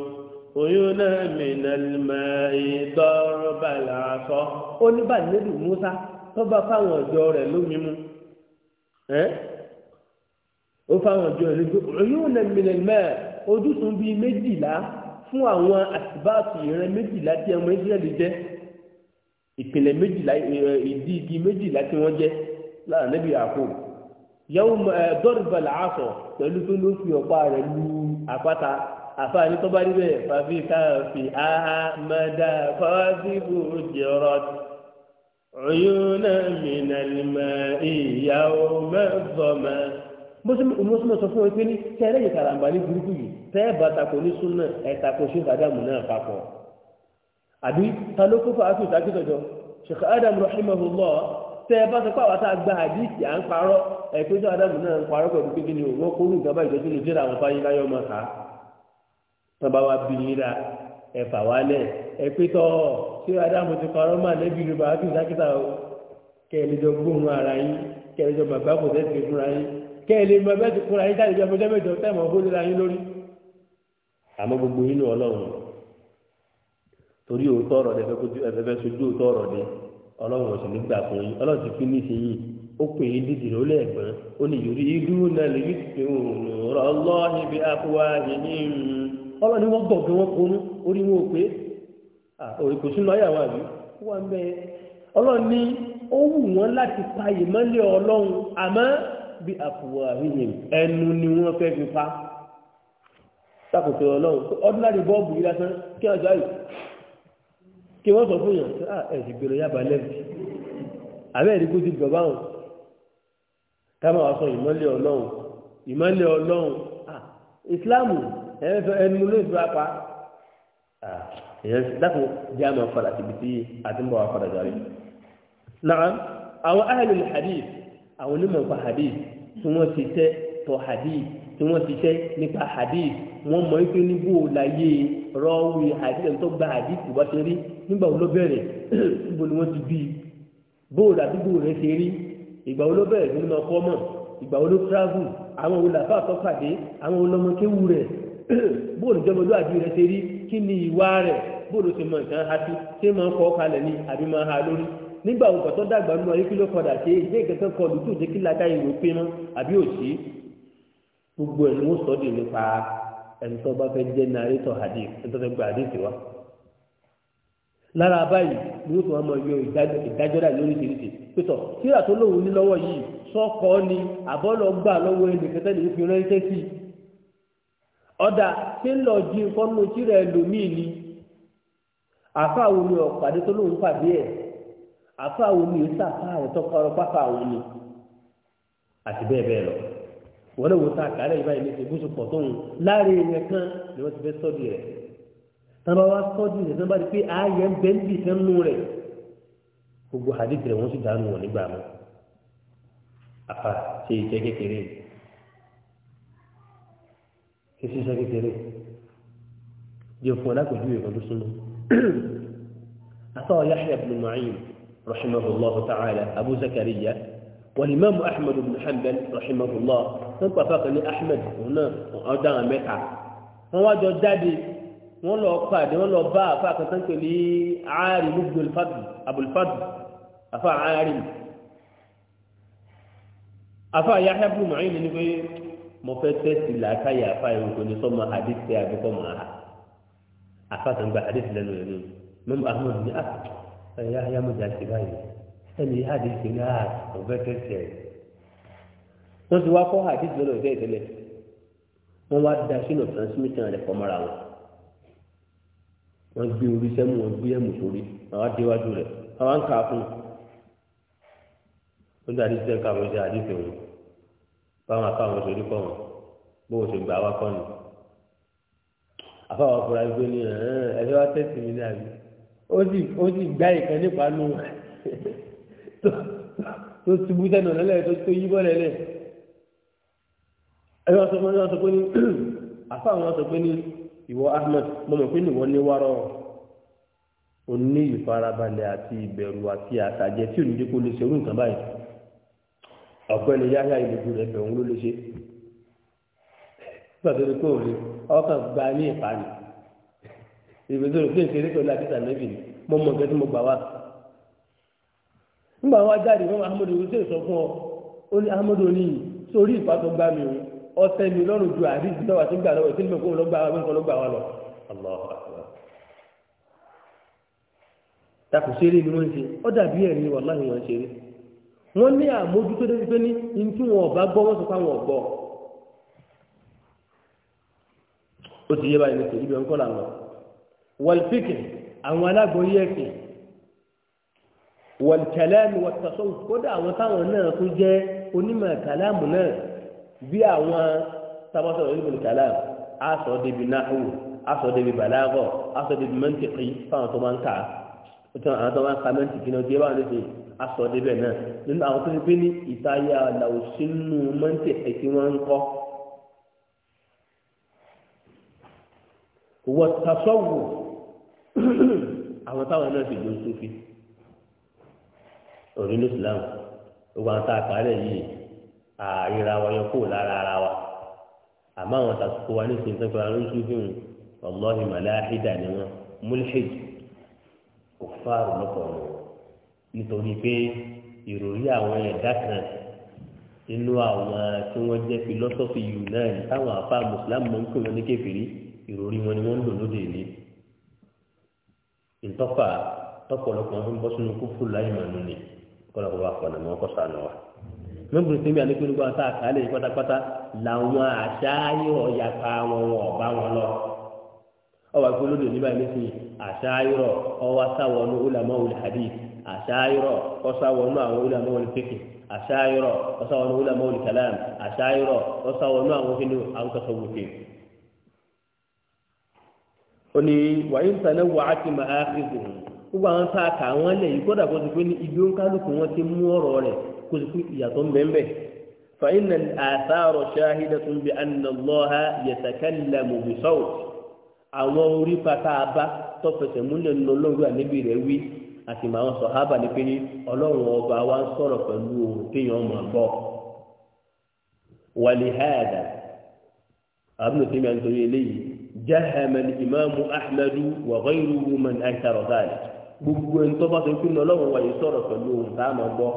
ọ̀yọ́nà mìnàlmẹ́ ìdọ́rọ̀bàlàfọ́ oníbàdínlẹ́dù musa tó bá fáwọn ọ̀dọ́ rẹ̀ lómi mu ó fáwọn ọ̀dọ́ rẹ̀ lómi mu ọ̀yọ́nà mìnàlmẹ́ ojútùú bíi méjìlá fún àwọn àtibáàtì ìran méjìlá tí ọmọ israẹli jẹ ìpìlẹ̀ méjìlá ìdí igi méjìlá tí wọ́n jẹ́ lára níbi àpò yàwó dọ́rìbàlà àṣọ pẹ̀lú tó ló fi ọ̀pá rẹ̀ lu àpáta àfààní tó bá níbẹ̀ fàfi káfí ahamada fàfi bòjọ́rọ̀ ọ̀yọ́nà mìíràn ìyàwó mẹ́fọ̀mẹ́ mọ́sùmọ̀ sọ fún wọn pé ní tẹ́lẹ̀ yìí kàràǹbà ní burúkú yìí tẹ́ẹ̀ bá tako ní súnà ẹ̀tako ṣe àdàmù náà papọ̀ àbí ta ló kópa àti ìtàkìtọ̀jọ ṣèkà ádámù rahimahullah tẹ́ẹ̀ bá sọ pé àwọn tá gba àdìsí à ń parọ́ ẹ̀pẹ́jọ́ ádámù náà ń parọ́ pẹ̀lú pé kíni wọ́n kó nǹkan bá ìjọsìn lè jẹ́ra àwọn fáyín láyọ̀ máa kà á tán bá wa bí yín ra ẹ̀fà wálẹ̀ ẹ̀pẹ́tọ́ ṣé kẹ́lẹ́ mọ bẹ́ẹ̀ ti kúra yín bí ọmọdé mẹ́jọ tẹ́mọ̀ ọgbọ́n lórí lórí àmọ́ gbogbo yín ní ọlọ́run torí òótọ́ ọ̀rọ̀ dẹ fẹ́ sojú òótọ́ ọ̀rọ̀ dẹ ọlọ́run ọ̀sìn nígbà fún yín ọlọ́run ti fíní sí yín ó pè é dídì ló lẹ́ẹ̀gbọ́n ó ní yorì irú náà lè rí ti rọ ọlọ́run bí àfùwà àríyìn ẹnu ni wọ́n fẹ́ fi pa sàkòtò ọlọ́run ọdúnláàdì bọ́ọ̀bù yìí lásán kí ọjọ́ yìí kí wọ́n sọ fún yàn sí ẹ̀sìn gbèrò yàbá lẹ́bù àbẹ́ ẹ̀rí kó ti gbọ̀ báwọn káma wàá sọ ìmọ̀lẹ̀ ọlọ́run ìmọ̀lẹ̀ ọlọ́run ìsìláàmù ẹnu ló ìfura pa èèyàn dákun jẹ́ àmọ́ padà síbi àti ń bọ̀ wá padà jáde. náà àwọn áhẹ̀lì hadith àwọn onímọ̀ nípa hadith tí wọ́n ti tẹ́ tọ́ hadith tí wọ́n ti tẹ́ nípa hadith wọ́n mọ̀ ike níbo láyé rọ́ọ̀wì hadith tó gba hadith wá ṣe rí nígbà wo ló bẹ̀rẹ̀ níbo ni wọ́n ti bí bóòlù àdúgbò rẹ̀ ṣe rí ìgbà wo ló bẹ̀rẹ̀ nínú ọkọ mọ̀ ìgbà wo ló travel àwọn olùlàfà àtọ́kàdé àwọn olọmọkéwu rẹ̀ bóòlù jọmọ lóàbí rẹ̀ ṣe rí kí ni ìwà rẹ̀ bóòlù ti mọ̀ nǹkan ha sí ṣé máa ń kọ́ kalẹ̀ ni àbí máa ha lórí nígbà wo kò tó dàgbà nínú ayé kí ló padà ṣe ìdí ìkẹkẹ kọ lùtù jẹ kí làákà ìwé pín mọ àbí òsì gbogbo ẹ ní wọn sọ dì nípa ẹni tó bá fẹ jẹ nàrétọ àdì ẹni tó fẹ gba àdì tiwa lára báyìí ni wọn tún wọn máa yọ ìdájọ dà lórí ìdíríṣi pẹtọ síra tó lóun ní lọwọ yìí sọkọ ni àbọlọ gbà lọwọ ẹni kẹtẹ ní fi ránṣẹ sí ọdà ṣé ń lọ jí nǹkan nù síra ẹlòmíì ni àfa àwọn olùyọ̀ pàdé tó lóun pàdé ẹ̀ àfa àwọn ni èsì àfa àwọn tó kọrọ pápá àwọn ni àti bẹ́ẹ̀ bẹ́ẹ̀ lọ wọ́n lè wò tá a kàlẹ́ ìbáyìí ní ìbúṣu pọ̀ tó ń láàrin ìyẹn kan ni wọ́n ti fẹ́ sọ́ọ̀dì rẹ̀ tọ́ba wa sọ́ọ̀dì rẹ̀ tọ́ba di pé ààyè ń bẹ́ẹ̀ bì kan nù rẹ̀ gbogbo hadith rẹ̀ wọ́n sì dànù wọn nígbà mọ́ àfa ṣe ìjẹ́ kékeré kí sísẹ́ kékeré jẹ́ fún ọ lápèjúwe kan tó súnmọ́ àtọ́ yáṣẹ́ ibùdó màáyìn رحمه الله تعالى أبو زكريا والإمام أحمد بن حنبل رحمه الله نبقى فقط أحمد هنا أدعى متع هو جو دادي wọ́n lọ pàdé wọ́n lọ bá àfa àkàtàn pé ní ààrin gbogbo ìfàdù àbùlfàdù àfa ààrin àfa àyàhẹ́ bùrù màáyìn ní pé mo fẹ́ tẹ́sì làákàyè àfa ìròkò ní sọ́mọ àdìsẹ́ àbíkọ́ màá àfa àtàǹgbà àdìsẹ́ lẹ́nu rẹ̀ ní mẹ́mú ahmed ní àkàtà ah, Ya, ayámọ̀jà ti báyìí ẹni àdìsí náà ọ̀fẹ́ tẹ̀sẹ̀ wọ́n ti wá kọ́ àdìsí lọ́dọ̀ ìfẹ́ ìtẹ́lẹ̀ wọ́n wá da sínú transmission rẹ̀ pọ̀ mọ́ra wọn wọ́n gbé orí sẹ́mu wọn gbé ẹ̀mù sórí àwọn adéwájú rẹ̀ àwọn ń kà á fún un ó dé àdìsí ẹ̀ka àwọn ṣe àdìsí òun báwọn afáwọn ṣe rí kọ́ wọn bóun ṣe gbà wá kọ́ ni afáwọn afúrájú ní ẹ̀ẹ́ ẹ̀ ó sì ó sì gbá ìkan nípa nù tó tubú sẹ́nu lẹ́lẹ́ tó tó yí bọ́ lẹ́lẹ́ ẹ wọ́n sọ pé wọ́n sọ pé ní àfa wọn sọ pé ní ìwọ ahmed mo mọ̀ pé níwọ ní wárọ̀ o ní ìfarabalẹ̀ àti ìbẹ̀rù àti àtàjẹ tí òní dípò lè ṣerú nǹkan báyìí ọ̀gbẹ́ni yáyà ìlú rẹ̀ bẹ̀rù ló lè ṣe nígbà tó ní kó o lè ọkàn gba ní ìpàdé ìrètò òfin ìṣeré pẹ̀lú àti tànẹ́bì ni mo mọ̀ nǹkan tí mo gbà wá. nígbà wọn jáde wọn ahmed sọ fún ọ ó ní ahmed oní sórí ìfàtọ̀ gbá mi o ọtẹ mi lọ́rùn ju àrí ìdílé wa ti gbà lọ́wọ́ ìtìlẹ̀ kó lọ́ gbà wá wá lọ. takò ni wọ́n ń ṣe dàbí ẹ̀rí wọ́n ṣeré wọ́n ní wọ̀lfíkìn àwọn alágbóyé ẹ̀sìn wọ̀lkẹ̀lẹ́mù wọ̀tẹ̀sọ́wù kódà àwọn táwọn náà tó jẹ́ onímọ̀ kàlámù náà bí àwọn sábàtọ̀rọ̀ ìlú kàlámù aṣọ débi náhù aṣọ débi bàlágọ̀ aṣọ débi mẹ́ntìkì fáwọn tó máa ń kà á ìtàn àwọn tó máa ń ka mẹ́ntìkì náà jẹ́ báwọn lè fi aṣọ débẹ̀ náà nínú àwọn tó ti gbé ní ìtayà làwùsínú mọ́ntìkì tí wọ́n ń kọ́ wọ̀tẹ̀sọ́wù àwọn táwọn náà sì jó sufi òrìlú islam gbogbo àwọn tá a parẹ́ yìí àríra wa yọ kúrò lára ara wa àmọ́ àwọn tàkùkù wa nísìnyí tó ń fẹ́ra ló sufi mu ọlọ́hìn màláhídà ni wọn múlíhìd kò fáàrù lọ́pọ̀ wọn nítorí pé ìròrí àwọn ẹ̀dá kan inú àwọn tí wọ́n jẹ́ philosophy yunani táwọn afá mùsùlùmí mọ̀ ń pè wọn ní kékeré ìròrí wọn ni wọ́n ń lò lóde ìlú ìtọ́fà tọ́pọ̀lọpọ̀ wọn fi ń bọ́ sínú kúfù láì mọ̀ nù ni kọ́lọ́kọ́ bá pọ̀ nà mọ́ kọ́sà wa. mẹ́bùrú sí mi àlékún nígbà tá a kà á lè pátápátá làwọn àṣàyò ọ̀yàpá wọn wọn ọ̀bá wọn lọ. ọwọ́ àgbẹ̀ olódò níbà yìí sí àṣàyò ọwọ́ sáwọnú ulàmọ́ olè hadi àṣàyò ọsáwọnú àwọn ulàmọ́ olè fèkì àṣàyò ọsáwọnú ulàmọ́ olè kàlám àṣàyò ọsáwọnú àwọn ó ní wàyí nsàlẹ̀ wà á ti máa fi gbogbo àwọn tá a kà wọ́n lẹ̀ yìí kódà kó ti pé ní ibi ó ń kálukú wọn ti mú ọ̀rọ̀ rẹ̀ kó ti pé ìyàtọ̀ ńbẹ́ńbẹ́ فإن الآثار شاهدة بأن الله يتكلم بصوت àwọn orí pátá abá tọ́fẹsẹ̀ múlẹ̀ nínú ha àníbì rẹ̀ wí àti màwọn جهم الإمام أحمد وغيره من أنكر ذلك gbogbo ẹni tó bá tó kí ní ọlọ́run wáyé sọ̀rọ̀ pẹ̀lú ohun tá a máa gbọ́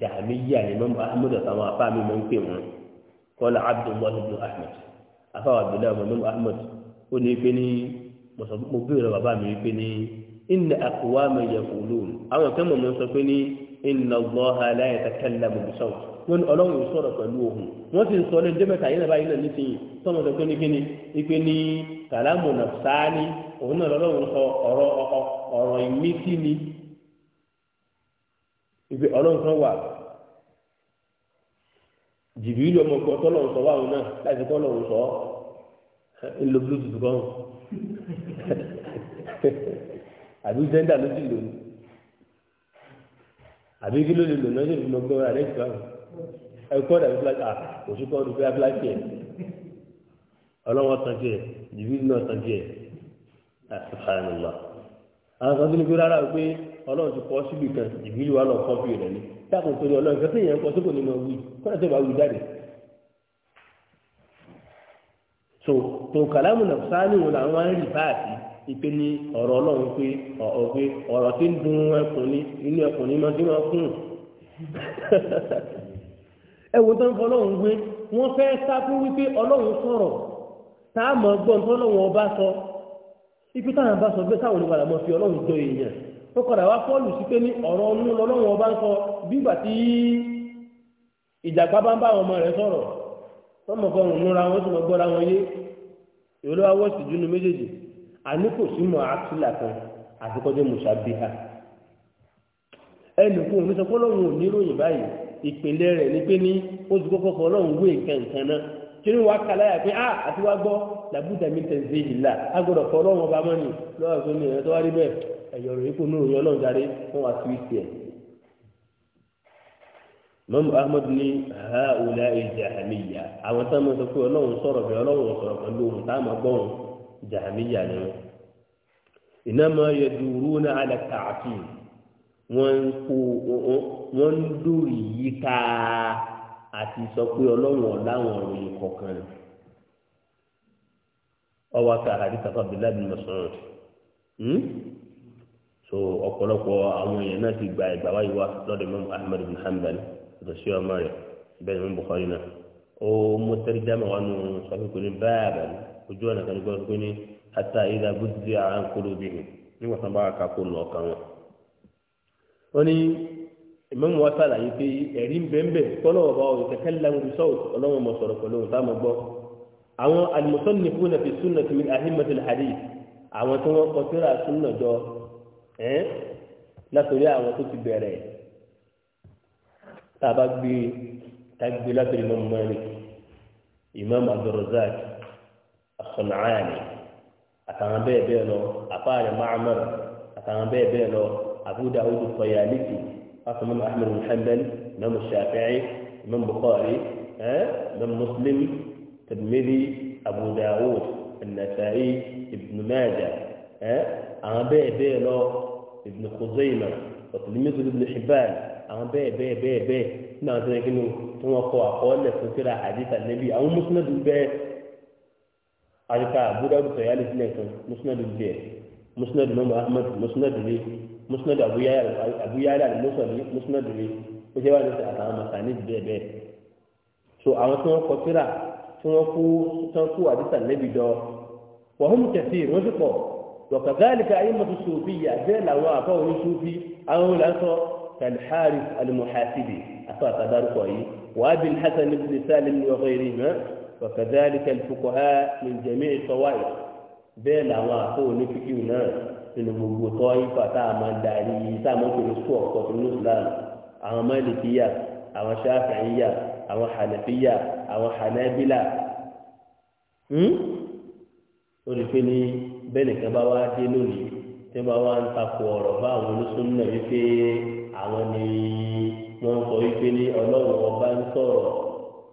jàmíyà ni mọ́mọ́ ahmed àtàwọn afá mi máa ń pè wọ́n kọ́lá abdullahi ibn ahmed afáwọn abdullahi ibn mọ́mọ́ ahmed ó ní pé ní mo bèèrè bàbá mi pé ní ìnà àkùwá mi yẹ kó lóhùn àwọn kan mọ̀ sọ pé ní ìnà lọ́ha láyé takẹ́lá mọ̀ bí wọn ọlọ́run sọ̀rọ̀ pẹ̀lú ohun wọ́n sì sọ tọ́nà tó ní kíni ipe ní kàlámù nàfsáání òun náà lọ́lọ́run sọ ọ̀rọ̀ ọ̀rọ̀ ìmísí ni ibi ọlọ́run kan wà jìbìlì ọmọ ìgbọ́ tọ́lọ́run sọ wáhùn náà láti tọ́lọ́run sọ ńlọ bluetooth kan àbí zenda ló ti lò ní àbí kí ló lè lò náà yóò fi mọ gbọ́ra rẹ̀ jù àwọn ẹ̀kọ́ dàbí fúláṣí à kò sí kọ́ ọdún fúláṣí ẹ̀ ọlọ́wọ́ tọ́jú ẹ̀ jìbìrì náà tọ́jú ẹ̀ àṣùfàànùlá. àwọn kan tó ní pé rárá o pé ọlọ́run ti kọ́ síbi kan jìbìrì wa lọ kọ́ bí rẹ̀ ni táàkùn torí ọlọ́run ìfẹ́ tẹ̀yẹ̀ ń kọ́ tó kò ní máa wí kọ́nà tó bá wí jáde. so tó kàlámù náà sáánù wọn làwọn máa ń rí báàtì ipe ní ọ̀rọ̀ ọlọ́run pé ọ̀ọ̀ pé ọ̀rọ̀ tí ń dun ẹkùn ní inú ẹkùn ní máa ń dín máa kún ẹ̀wò tó ń fọ ọlọ́run gbé wọ́n fẹ́ táàmù ọgbọ́n tó lọ́wọ́ ọba sọ ipi táwọn bá sọ pé táwọn olùpadà mọ̀ fi ọlọ́run jọ èèyàn ó padà wá fọ́ọ̀lù sí pé ní ọ̀rọ̀ ọ̀nù lọ́wọ́ ọba ń sọ bígbà tí ìjàgbá bá ń bá àwọn ọmọ rẹ̀ sọ̀rọ̀ tọmọ kan ń múra wọn tó mọ gbọ́ra wọn yé èwo ló wá wọ́ọ̀sì dúnú méjèèjì àní kò sí mọ́ àtúlà kan àti kọjá musa bíhà ẹnì kún òní sọ pé ọlọ́run ò ní ròyìn báyìí ìpínlẹ̀ rẹ̀ ní pé ní ó ti kọ́kọ́ kí ni wàá kàlá a pé ah àti wàá gbọ́ làbújá mi tẹ̀ sí ìlà agbọ́dọ̀ fọ ọlọ́run ọba mọ́ni lọ́wọ́ tó ní ẹ̀rọ tó wá rí bẹ́ẹ̀ ẹ̀yọ̀ rẹ̀ kó nóòrò yọ lọ́njàre fún wa tuwìtì ẹ̀. mọ́mú ahmed ní ha òlà àmìyà àwọn mọ̀ sọ pé ọlọ́run sọ̀rọ̀ bẹ́ẹ̀ ọlọ́run sọ̀rọ̀ pẹ̀lú ohun ni àti sọ pé ọlọ́run ọ̀láwọn òròyìn kọ̀ọ̀kan rẹ̀ ọwọ́ ká àdìsá fàbílẹ̀ bí mọ̀sán so ọ̀pọ̀lọpọ̀ àwọn èèyàn náà ti gba ìgbà wáyé wá lọ́dọ̀ mọ́mú ahmed bin hanbal ọ̀dọ̀ sí ọmọ rẹ̀ bẹ́ẹ̀ ni bukhari náà ó mú tẹ́lẹ̀ dámà wọn nù sọ́kùnkùn ní báyàbà ojú ọ̀nà kan gbọ́dọ̀ pé ní ata ìdá kúrò nígbà tán bá kà kó lọ́ọ̀kan wọn. ìmọ̀mù wa sàlàyé pé ẹ̀rí ń bẹ́ẹ̀ tọ́lọ̀ ọba ọ̀rọ̀ kẹ̀kẹ́ lẹ́nu sọ́ọ̀ ọlọ́run mọ̀ sọ̀rọ̀ pẹ̀lú òun táwọn gbọ́ àwọn àlùmọ̀tọ́ ní fún nàfi súnà tí ahimadu alhadi àwọn tí wọ́n kọ síra súnà jọ ẹ́ látòrí àwọn tó ti bẹ̀rẹ̀ tá a bá gbé tagbe látòrí mọ́mú malik imam abdulrazak asọ̀nàáyàní àtàwọn bẹ́ẹ̀ bẹ́ẹ̀ àtàwọn bẹ́ẹ̀ bẹ́ẹ̀ lọ خاصة من أحمد بن حنبل من الشافعي من بخاري ها من مسلم تلمذي أبو داود النسائي ابن ماجه ها عن بيه بيه لو ابن خزيمة وتلميذه ابن حبان عن بيه بيه بيه بيه نازل كنو ثم قوى قوانا سكرا حديث النبي أو مسند البيه أجل كا أبو داود سيالي سنة مسند البيه مسند من أحمد مسند البيه musnad abuyala ni musnad musnad mi ó ṣe wá ní àtàwọn masani bẹ́ẹ̀ bẹ́ẹ̀ so àwọn tí wọ́n kọ síra tí wọ́n kú tí wọ́n kú àdìsá nẹ́bi dọ́ wọ́n mú kẹfì wọ́n ti pọ̀ wọ̀kàdáàlìkà ayémọ̀tò sòfì yà bẹ́ẹ̀ làwọn àfọwọ́ ní sòfì àwọn olùhànsọ kàlhárif alimuhasibi afọ àtàdárúkọ yìí wàábi hasan ibn salim ni wọ́n rí mọ́ wọ̀kàdáàlìkà ìfukọ̀há ní jẹ̀mí ìsọwáyà bẹ́ẹ̀ làwọn àfọwọ́ ní fíkìw náà nínú gbogbo tọ́ ifá tá a máa darí tá a máa pèrè sùn ọ̀kọ́ tó ní islam àwọn mẹ́lìkíyà àwọn ṣáfàáyà àwọn hànàfíyà àwọn hànàbílà olùfẹ́ hmm? ni bẹ́ẹ̀ nìkan bá wá dé lónìí tí wọ́n bá wá ń takò ọ̀rọ̀ bá àwọn olùsúnnà wípé àwọn ni wọ́n sọ wípé ní ọlọ́run ọba ń sọ̀rọ̀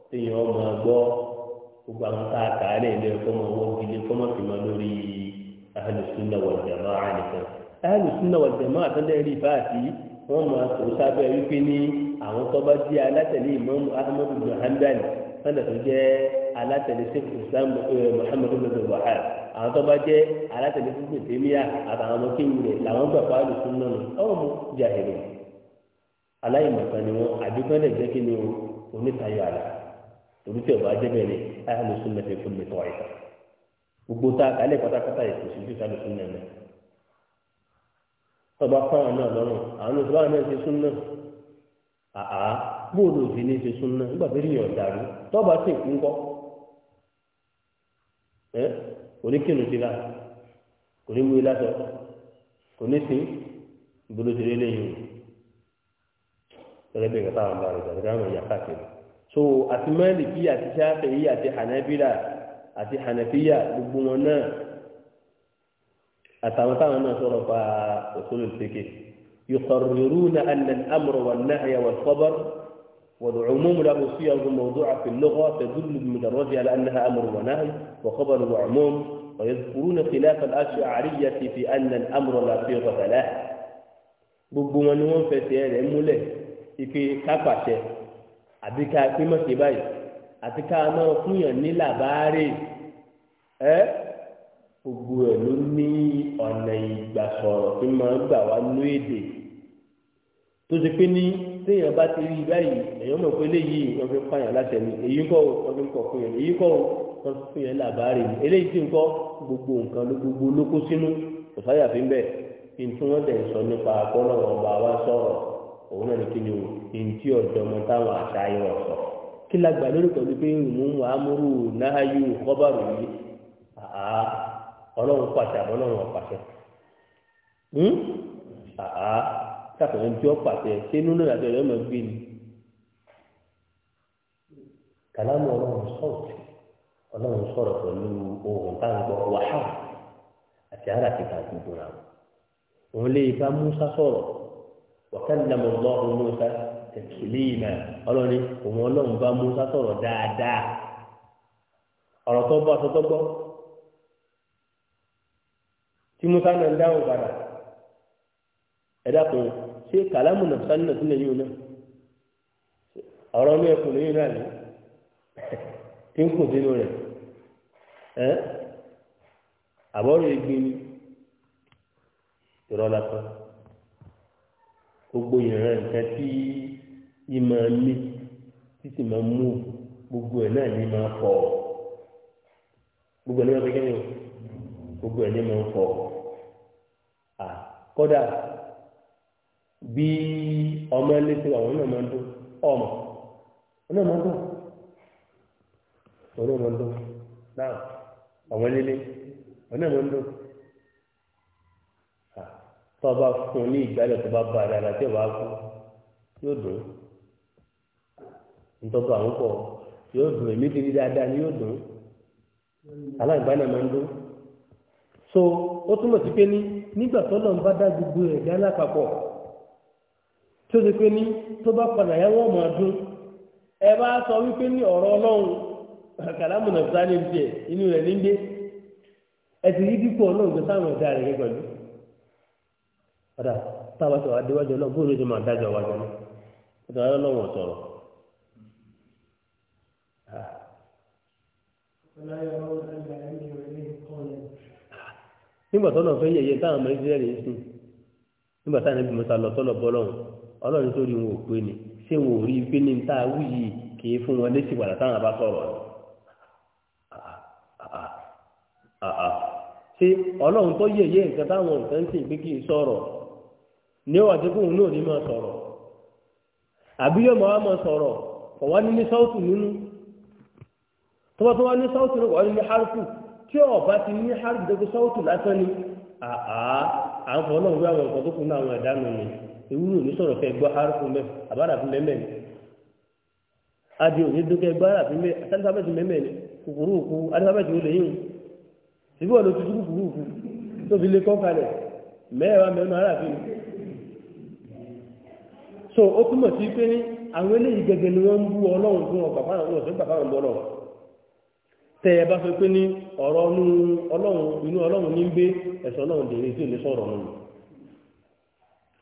téèyàn ọmọ gbọ́ gbogbo àwọn tá a kà á lè lè fọmọ owó gidi fọmọ fìmọ lórí yìí ahàlùsúnà wàjàmá ànìkan ahàlùsúnà wàjàmá àtọ́lẹ̀ rí fáàtì wọ́n máa kó sábẹ́ wípé ní àwọn tọ́ba jí alátẹ̀lé ìmọ̀mù ahmed muhammed sọ́dọ̀ tó jẹ́ alátẹ̀lé sèkú islam muhammed ibn wahab àwọn tọ́ba jẹ́ alátẹ̀lé sèkú tèmíà àtàwọn ọmọ kéwìn rẹ̀ làwọn gbà fún ahàlùsúnà nù ọ̀hún jàhìrì aláìmọ̀kan ni wọn àdúgbọ́n lè jẹ́ kí ni onítayọ̀ àlà torí tí ọba jẹ́ bẹ́ẹ̀ ni ahàlùsúnà fi kú mi gbogbo tá a pátápátá yìí kò sí ju sálù sún náà tọba náà lọrùn àwọn oṣù báwọn náà ṣe sún náà àá bóòlù òsì ní ṣe sún nígbà tó yàn dàrú tọba sì kú ńkọ ẹ kò ní kírun la kò ní kò ní ìbúlò ti bá rẹ káwọn yà káàkiri so àti mẹ́rin kí àti yìí àti la. àti hànàfíyà gbogbo wọn náà àtàwọn táwọn náà sọ̀rọ̀ fa òṣèlú ìpèkè يقررون أن الأمر والنهي والخبر والعموم له صيغ موضوعة في اللغة تدل بمجردها على أنها أمر ونهي وخبر وعموم ويذكرون خلاف الأشعرية في أن الأمر لا صيغة له gbogbo wọn ni wọn fẹsẹ rẹ múlẹ ike kápàṣẹ àbí ká pímọ sí báyìí àti ká máa fúnyàn ní làbáàrè ẹ gbogbo ẹ ló ní ọ̀nà ìgbà sọ̀rọ̀ tí máa ń gbà wá ló èdè tó ti pé ní téèyàn bá ti rí báyìí èèyàn mọ̀ pé léyìí wọ́n fi pààyàn láṣẹ ni èyí kọ́ wọ́n fi ń kọ̀ fún yẹn èyí kọ́ wọ́n fi fún yẹn làbáàrè ni eléyìí sì ń kọ́ gbogbo nǹkan ló gbogbo ló kó sínú kò sáyà fi ń bẹ̀ kí n tún wọ́n tẹ̀ sọ nípa akọ́nà ọ̀bà wa sọ̀rọ̀ òun náà ní kí ni o kí n tí ọ̀dọ́mọ kí la gbà lórí pẹ̀lú pé ìmú amúrú náhayú kọ́bàrù yìí àá ọlọ́run pàṣẹ àbọ̀ ọlọ́run ọ̀pàṣẹ hmm? àá sàkóyán jọ pàṣẹ ṣé nínú ìrìnàjò rẹ máa gbé ni kàlámù ọlọ́run sọ̀rọ̀ ọlọ́run sọ̀rọ̀ pẹ̀lú ohun tá à ń gbọ́ wàhálà àti ara ti ta gbogbo ra òun lè bá musa sọ̀rọ̀ wàkàndàmọ̀ lọ́rùn musa. tẹ̀sílíìmà ọlọ́ni òun ọlọ́run bá musa sọ̀rọ̀ dáadáa ọ̀rọ̀ tó bọ́ tó gbọ́ tí musa náà ń dáhùn padà ẹ dákun ṣé kàlámù nàfṣà nínú sílẹ̀ yìí náà ọ̀rọ̀ ní ọrụ lóyún náà ni tí ń kù sínú rẹ̀ ẹ́ àbọ̀rọ̀ egbin ìrọ̀lá kan gbogbo nǹkan tí. i mi títí máa mú gbogbo ẹ̀ náà ní máa fọ̀ gbogbo ẹ̀ ní ma fẹ́ o gbogbo ẹ̀ ní máa fọ̀ à kódà bí ọmọ ẹ létí àwọn náà máa dún ọmọ ọmọ máa dún ọmọ dún náà ọmọ ọmọ dún tọ́ba fún ní ìgbàlẹ̀ tó bá ba dáadáa tí ò bá kú yóò dùn. ntọ́jú àwọn pọ̀ yóò dùn èmi ti rí dáadáa ni yóò dùn aláìgbá náà máa ń dún so ó túmọ̀ sí pé ní nígbà tó lọ́n bá dá gbogbo ẹ̀dá lápapọ̀ tí ó ti pé ní sọ wípé ní ọ̀rọ̀ ọlọ́run náà sáré ń tiẹ̀ inú rẹ̀ ní gbé ẹ ti rí dípò ọlọ́run tó nígbà tó lọ fẹ́ yẹ̀yẹ́ táwọn ọmọ ìsirẹ́lì ń nígbà táwọn ẹbí mọ́ta lọ tọ́lọ̀ tó rí wọn ò pé ni ṣé wọn ò rí pé ní ta awú yìí fún wọn létí táwọn bá sọ̀rọ̀ ọlọ́run tó yẹ̀yẹ́ nǹkan táwọn nǹkan pé sọ̀rọ̀ ní tí kóun náà sọ̀rọ̀ àbí yóò tó bá tó wá ní sáwùtù ló ní tí ọba ti ní hárùkù tó sáwùtù a ni àá à náà wí àwọn nǹkan tó kún náà àwọn ẹ̀dá mi ni ewúro ní sọ̀rọ̀ kẹ́ gbọ́ hárùkù mẹ́ àbára fún mẹ́mẹ́ ni fún mẹ́ mẹ́mẹ́ ni òkú ó lè yín wọn ló ti kúrú òkú tó fi lè kọ́ kalẹ̀ mẹ́ẹ̀wá mẹ́nu aráàfin so àwọn eléyìí ni ń bú fún tẹ́ bá fẹ́ pé ní ọ̀rọ̀ inú ọlọ́run ní ń gbé ẹ̀sọ́ ọlọ́run tí ò ní sọ̀rọ̀ nù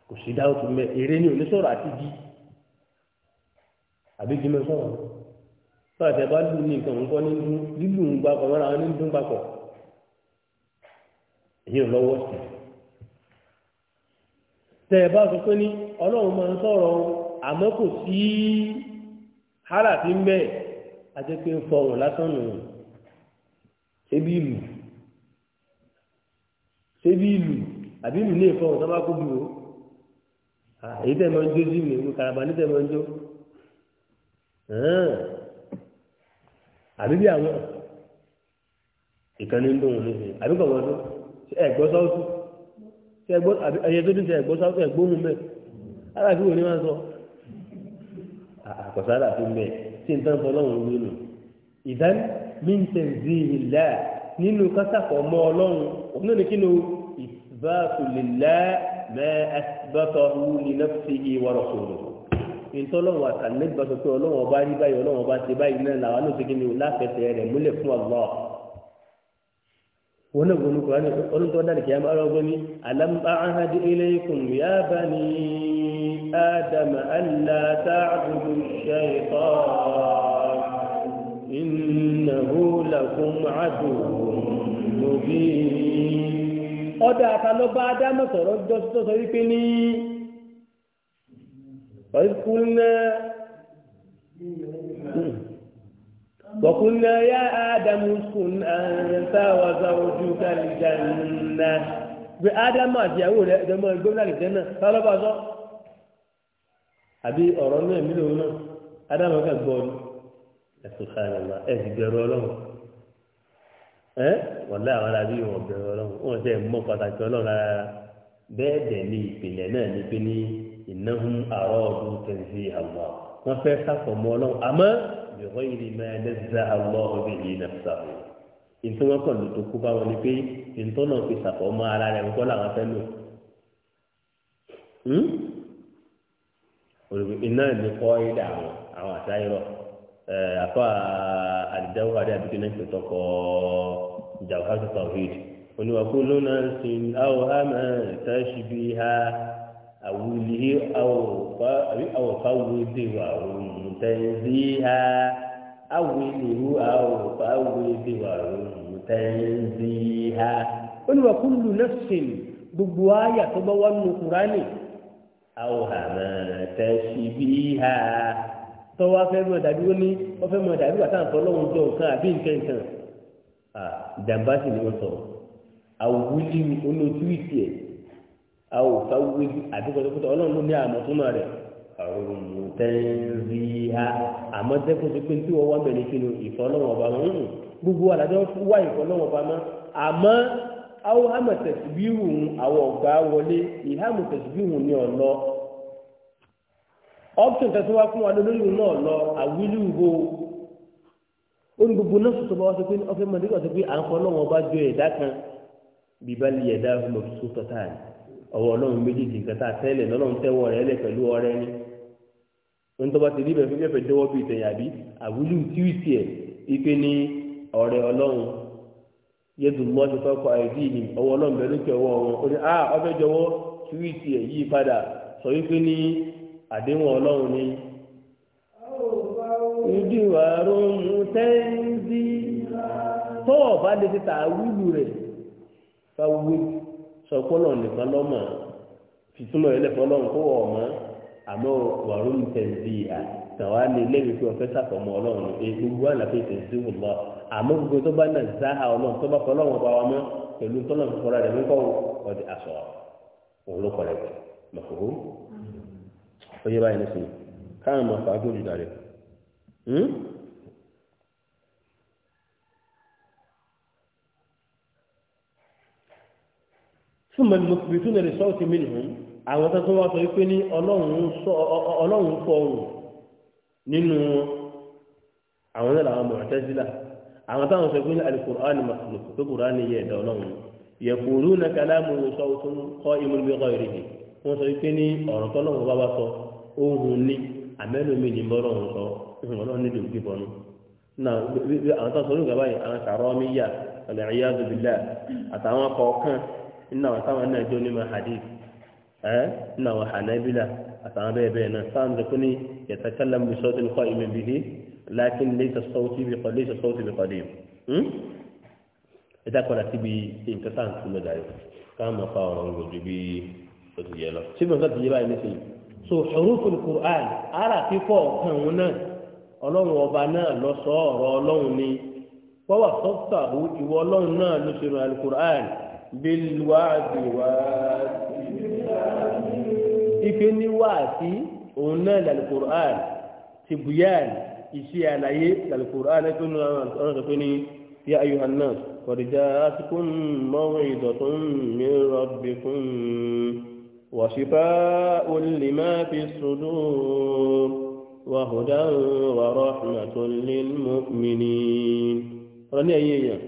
kò sí dáhùn tó mẹ́ èrè ní ò ní sọ̀rọ̀ àti jí àbí jí mẹ sọ̀rọ̀ náà tẹ́ bá lù ní nǹkan lílù ń ní papọ̀ èyí ò ṣebí ilu ṣebí ìlú àbí ìlú ọ̀sán bá kó bí o èyí tẹ̀ máa ń jó sí ìlú ní tẹ̀ ń jó àwọn ìkànnì ń dùn tó ẹ̀gbọ́ ẹ̀yẹ tó sí ẹ̀gbọ́ mẹ́ ni wọ́n sọ àkọsára tí n tán fọlọ́run míntẹ̀nzí ìlà nínú kásàkọ̀ mọ́ ọlọ́run òun náà ní kí ni ìbáàtò lè lá mẹ́ àtibátọ̀ ọ̀hún ní nọ́ọ̀sì ìwọ̀rọ̀ sọ̀rọ̀ ìtọ́lọ́wọ́ àtàlẹ́gbàsọ pé ọlọ́wọ́ bá rí báyìí ọlọ́wọ́ bá ti báyìí náà làwọn ló ti kí ni láfẹsẹ̀ rẹ̀ múlẹ̀ fún ọlọ́ wọn náà gbọ́nù kúránì ọlọ́tọ́ dáre kí a máa rọ́gbọ́n ní alámbá ahadi iléikùn yá bá ní ádámà allah tá àbùdù ìnáwó làkún àdùn lóbi. ọ̀dà àtàlọ́ba adámọ̀ sọ̀rọ̀ tó sọ wípé ní ọ̀ìkúnná وقلنا يا آدم اسكن أنت وزوجك الجنة pé ádámù àti ìyàwó rẹ ẹjọmọ ìgbóná àlìjẹ náà tálọ́bà sọ àbí ọ̀rọ̀ náà mílò náà ádámù kan gbọ́ ẹ̀sùnkánilá ẹ̀sì bẹ̀rù ọlọ́run ẹ́ wọ̀lá àwọn arábí wọn bẹ̀rù ọlọ́run wọn sẹ́ mọ́ pàtàkì ọlọ́run rárá bẹ́ẹ̀ dẹ̀ ní ìpìlẹ̀ náà ní pé ní ìnáhùn àárọ̀ ọdún tẹ̀sí àwọ̀ wọn fẹ́ sàfọ̀mọ́ ọlọ́run àmọ́ yọ̀rọ̀ ìrì máa lẹ́sẹ̀ àwọ̀ ọdún yìí nà sàfọ̀ ìtú wọn kàn ló tó kú bá wọn ni pé ìtú náà fi sàfọ̀mọ́ ara rẹ̀ ńkọ́ làwọn fẹ́ lò hmm? olùkọ́ iná ní kọ́ ìdá àwọn àwọn afa alijawa adi abikin náà ṣètò kọ jawahatu tawhid oníwàkúlù náà sì ń awọ hama tashibi ha awulihi awọ fawudi wa mutẹnzi ha awulihi awọ fawudi wa mutẹnzi ha oníwàkúlù náà sì ń gbogbo ayà tó bá wà nù kúránì awọ hama tashibi ha tó wá fẹ́ mọ̀ dàbí ó ní wọ́n fẹ́ mọ̀ dàbí wàtá nǹkan ọlọ́run jọ nǹkan àbí nǹkan nǹkan ìjàmbá sì ni wọ́n sọ àwùjọ olójú ìtì ẹ̀ àwòfà wíwí àdúgbòsókòtò ọlọ́run ló ní àmọ́túnmọ̀ rẹ̀ ọ̀rùn tẹ́ńrí ha àmọ́ dẹ́kun pé tí wọ́n wá mẹ́rin kí ni ìfọ́lọ́wọ́n ọba mọ́ gbogbo àdájọ́ wá ìfọ́lọ́wọ́n ọba mọ́ àmọ́ àwọn hàmọ̀tẹ̀síbíhùn àwọn ọ̀gá wọlé ìhàmọ̀tẹ̀síbíhùn ni ọ̀lọ́ option kan tí wọ́n fún wa lórí ìlú náà lọ àwílù wo ó ní gbogbo náà sọ̀tọ̀ bá wá sọ pé ọ̀fẹ́ mọ̀ nígbà tó pé à ń kọ́ lọ́wọ́ bá jọ ẹ̀dá kan bíbá lè ẹ̀dá ọmọ tó tọ́ta ni ọwọ́ ọlọ́run méjèèjì nǹkan tá a tẹ́lẹ̀ lọ́lọ́run tẹ́wọ́ rẹ̀ lẹ̀ pẹ̀lú ọrẹ́ ni wọ́n tọ́ bá ti rí bẹ̀rẹ̀ fún kẹfẹ́ jọwọ́ bíi tẹ̀yà bí àwílù tíwìtì ẹ̀ ipe ní ọ̀rẹ́ ọlọ́run yẹ́dù lọ́ọ̀ṣẹ́ fọ́kọ̀ àìdí ni ọwọ́ ọlọ́run bẹ̀rẹ̀ lókè ọwọ́ wọn ní ah, àdéhùn ọlọ́run ni. ìdíwà rọrùn tẹ́ńdí tó ọ̀bá lè ti ta wílù rẹ̀ fáwọ́ sọpọ́lọ̀ nìkan lọ́mọ fìtúmọ̀ ilẹ̀ fọlọ́run kó wọ̀ ọ̀mọ́ àmọ́ wà rọrùn tẹ́ńdí àtàwọn alẹ́ lẹ́bi pé ọ̀fẹ́ sàfọ̀mọ́ ọlọ́run gbogbo àlàfẹ́ tẹ̀sí wù lọ àmọ́ gbogbo tó bá nà záhà ọlọ́run tó bá fọlọ́run bá wa mọ́ pẹ̀lú tọ́lọ̀ fọlọ́ rẹ̀ mí kọ́ ọ̀dẹ̀ àṣọ òun ló kọ̀ rẹ̀ mọ̀kòrò ó yẹ báyìí nísìnyí káàmù àfàágùn òjò dàrẹ súnmọ́ ni mo fi tún lè sọ́ọ̀tì mí nìhun àwọn tó tún wá sọ wípé ní ọlọ́run fọrùn nínú àwọn náà làwọn mọ̀tẹ́sílà àwọn táwọn sọ pé ní alukur'an masulu tó kur'an yẹ ẹ̀dá ọlọ́run yẹ̀kùrú na kàlámù sọ́ọ̀tún kọ́ ìmúlùmí kọ́ ìrìhì wọ́n sọ wípé ní ọ̀rọ̀ tọ́lọ́run bá bá sọ ohun ní àmẹ́lòmí ni mọ́rọ̀ ń sọ ìrànlọ́wọ́ nílò gbígbọ́nú náà bí àwọn tó ń sọ ní ìgbà báyìí àwọn sàrọ́ mi yà ọ̀lẹ̀ àyà dùbìlà àtàwọn kọ̀ọ̀kan nínú àwọn táwọn náà jó nímọ̀ hadith ẹ́ nínú àwọn hànábìlà àtàwọn bẹ́ẹ̀ bẹ́ẹ̀ náà sáà ń lè fún ní yàtàkàlà mùsọ́tì ń kọ́ ìmọ̀ bìhí lákìn léṣe sọ́ọ̀tì bìkọ́dé ẹ̀dá padà síbi nǹkan sáà ń túnbẹ̀ dàrí káà mọ̀ fáwọn ọ̀rọ̀ òjò bí ó ti yẹ lọ síbi nǹkan ti yẹ báyìí nísìnyí so huruful Qur'an ara fífọ́ ọ̀kan òun náà ọlọ́run ọba náà lọ sọ ọ̀rọ̀ ọlọ́run ni wọ́wọ́ sọ́kítà ó ìwọ ọlọ́run náà ló ṣe ràn Qur'an bilwaadi waadi ife ní waadi òun náà lẹ́nu Qur'an tibuyan iṣẹ́ àlàyé lẹ́nu Qur'an ẹgbẹ́ nínú àwọn ọ̀rọ̀ tó pé ní ya ayuha nas kọ̀dìjà àtikún mọ́wé ìdọ̀tún mi rọ̀bì fún un. وشفاء لما في الصدور وهدى ورحمة للمؤمنين رنيا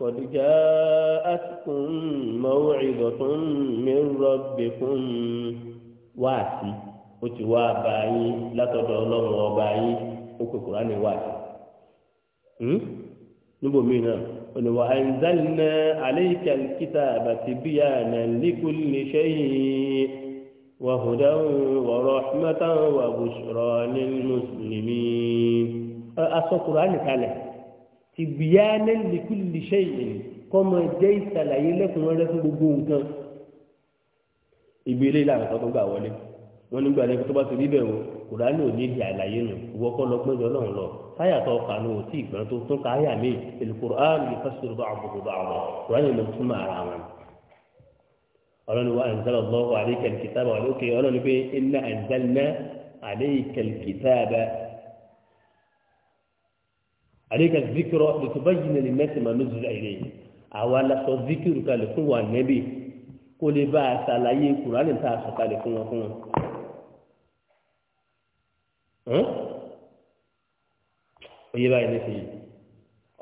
قد جاءتكم موعظة من ربكم واسي وتوا باي لا تدعوا الله باي وكقرآن واسي نبو مين olùwà ẹ̀ńzálínà àlẹ́yìíkà kìtà àbàtì bíyà nà líkùlì ṣẹ́yìn wàhùdà wọ̀rọ̀ mẹ́ta wà bùsùrọ̀ ní mùsùlùmí. asọkùrọ̀ ànìkalẹ̀ ti bíyà nà líkùlì ṣẹ́yìn kọ́mọ jẹ́ ìsàlàyé lẹ́kùnrẹ́rẹ́ fún gbogbo nǹkan. ibi ilé ìlànà kan tó gbà wọlé wọn nígbà lẹ́kùn tó bá ti rí bẹ̀rù kùránì ò ní ìdí àlàyé nù ìwọ́kọ́ lọ pẹ́jọ́ náà lọ táyà tó kà ló tí ìgbà tó tó ká yà mí ìlùkùrán ní fásitì bá àbùkù bá àbọ̀ kùránì ló tún máa ra wọn. ọlọ́ni wa àǹzálà lọ́wọ́ àríkà kìtàbà wà lókè ọlọ́ni pé iná àǹzálà àríkà kìtàbà àríkà zikirọ lùtùbá yìí ní mẹ́sì máa lójú àìlè àwa lasọ zikiru kalẹ̀ fún wa nẹ́bí kó lè bá a ṣàlàyé kùránì tá a sọ kalẹ̀ fún wọn fún wọn. Hm? oyè báyìí ní sèyí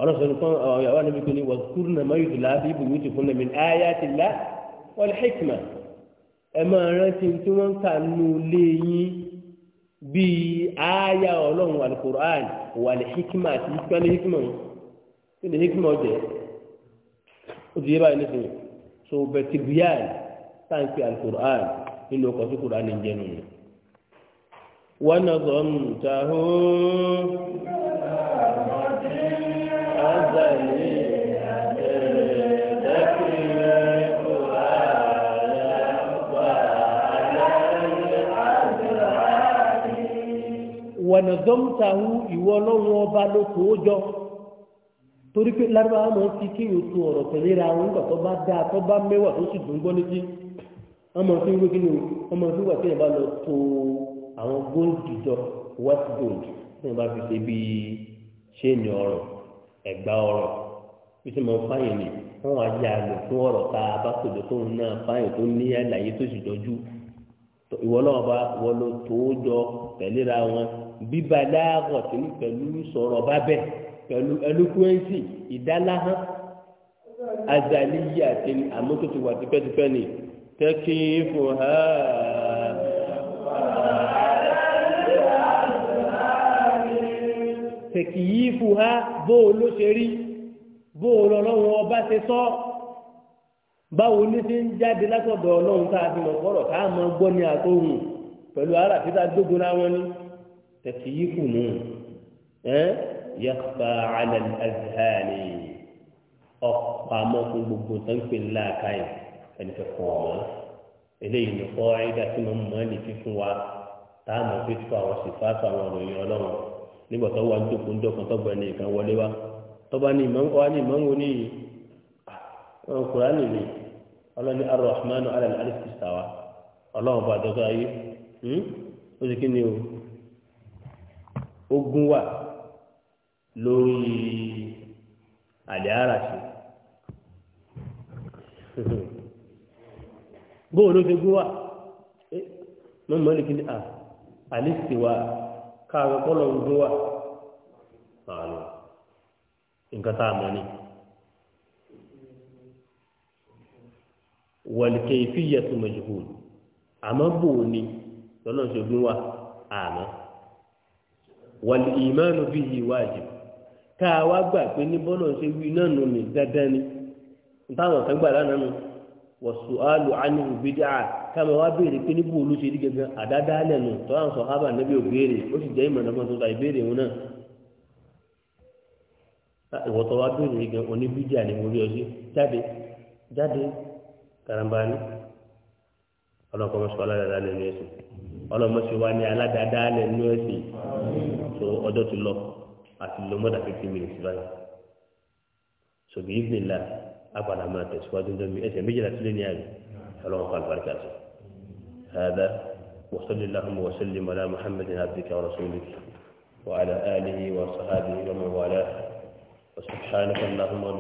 ọlọ́sọ̀ nìkan ọ̀yàwó níbi tó ní wà kúrú nà má yùtù láàbí ibù yùtù fún mi ayá ti lá wọ́n lè hekima ẹ máa rántí tí wọ́n ń kà nù léyìn bíi ayá ọlọ́run wà ní kùrán wà lè hekima àti ìgbà lè hekima wọn kí ni hekima ọ̀jẹ̀ ó báyìí ní sèyí so bẹ̀tìrìyàn táǹkì àlùkùrán nínú ọkọ̀ tó kùrán ní jẹ́nu yìí. ونظمته أزلي wọ̀nàdọ́mtahu ìwọ ọlọ́run ọba ló kó o jọ torí pé lárúbáwá máa ń kí o tu ọ̀rọ̀ tẹ̀lé ra àwọn nígbà tó bá dáa tó bá mẹ́wàá tó sì dùn gbọ́ létí wọ́n máa fi wé kí ni lọ àwọn góòdù jọ west gold tí wọn bá fi ṣe bíi ṣéènì ọrọ ẹgbà ọrọ bí sọ ma fáyìn ni wọn wá yà lò fún ọrọ tá a bá tòjọ tó ń ná fáyìn tó ní àlàyé tó sì jọjú ìwọ náà bá wọ ló tó jọ tẹ̀léra wọn bíbá dáàbọ̀ tí ní pẹ̀lú sọ̀rọ̀ bá bẹ̀ pẹ̀lú eloquence ìdáláhán azaliya àti àmótótó wà tipẹ́tipẹ́ ni tẹ́kí fún ha. tẹ̀kì yìí fún ha bó o ló ṣe rí bó o lọ lọ́wọ́ ọba ṣe sọ báwo ní ti ń jáde látọ̀dọ̀ ọlọ́run tá a fi mọ̀ fọ́rọ̀ ká mọ gbọ́ ní àtòhùn pẹ̀lú ara fi tá dógun láwọn ní tẹ̀kì yìí fún nù ẹ́ yàtọ̀ alẹ́ azhani ọ̀pọ̀ àmọ́ fún gbogbo tó ń pè ní làákàyè ẹni tó kọ̀ ọ́ eléyìí ni kọ́ ẹ̀dá tí mo mọ̀ ẹ́ nì fífún wa táàmù fífún àwọn sìfáàtù àwọn òròyìn ọlọ́run nígbà tó wà nítorí ń dọ̀kan tọ́gbà ẹni ìkan wọlé wa tọ́ba ní ìmọ̀ wa ní ìmọ̀ wo ní kùránì ni ọlọ́ni arọ̀hámánu alẹ́ alẹ́sì sàwà ọlọ́run bá dọ́gba ayé hmm? ó ti kí ni o ogun wà lórí àlẹ́ àràṣe bóòlù ti gún wà eh, mọ́mọ́lì kí ni ah, à alẹ́sì káàkiri kọ́lọ̀ òdo wà àlọ́ nǹkan tá a mọ̀ ni. wọ̀lìkẹ́ ìfìyà tó mọ̀jùkù àmọ́ bò ó ni lọ́nà ṣogun wà àmọ́ wọ̀lì ìmánu bí ìwádìí ká a gbà pé ní bọ́lọ̀ ṣe wí náà nù ní dandan ni táwọn kan gbà lánàá nù wọ̀sùálù ánìwò bídà káàmì wá béèrè pé níbo olú ṣe rí gẹ́gẹ́ àdáda lẹ́nu tó à ń sọ ábà níbi òbéèrè ó sì jẹ́ ìmọ̀nà fún tuntun ìbéèrè wọn náà ah, ìwọ̀tọ̀ wá béèrè gẹ́gẹ́ oníbídà ni mo rí ọ sí jáde jáde karambani ọlọ́kọ̀ mọ́ṣọ́ aládàáda lẹ́nu ẹ̀sìn ọlọ́mọṣọ́ wa ní aládàáda lẹ́nu ẹ̀sìn tó ọjọ́ ti lọ àti lọ́mọdà fifty minutes báyìí sọ̀bì ìbìlá أقعد ما تسواد دمي أتي مجلة لن الدنيا فلو قال بركاته هذا وصل اللهم وسلم على محمد عبدك ورسولك وعلى آله وصحابه ومن والاه وسبحانك اللهم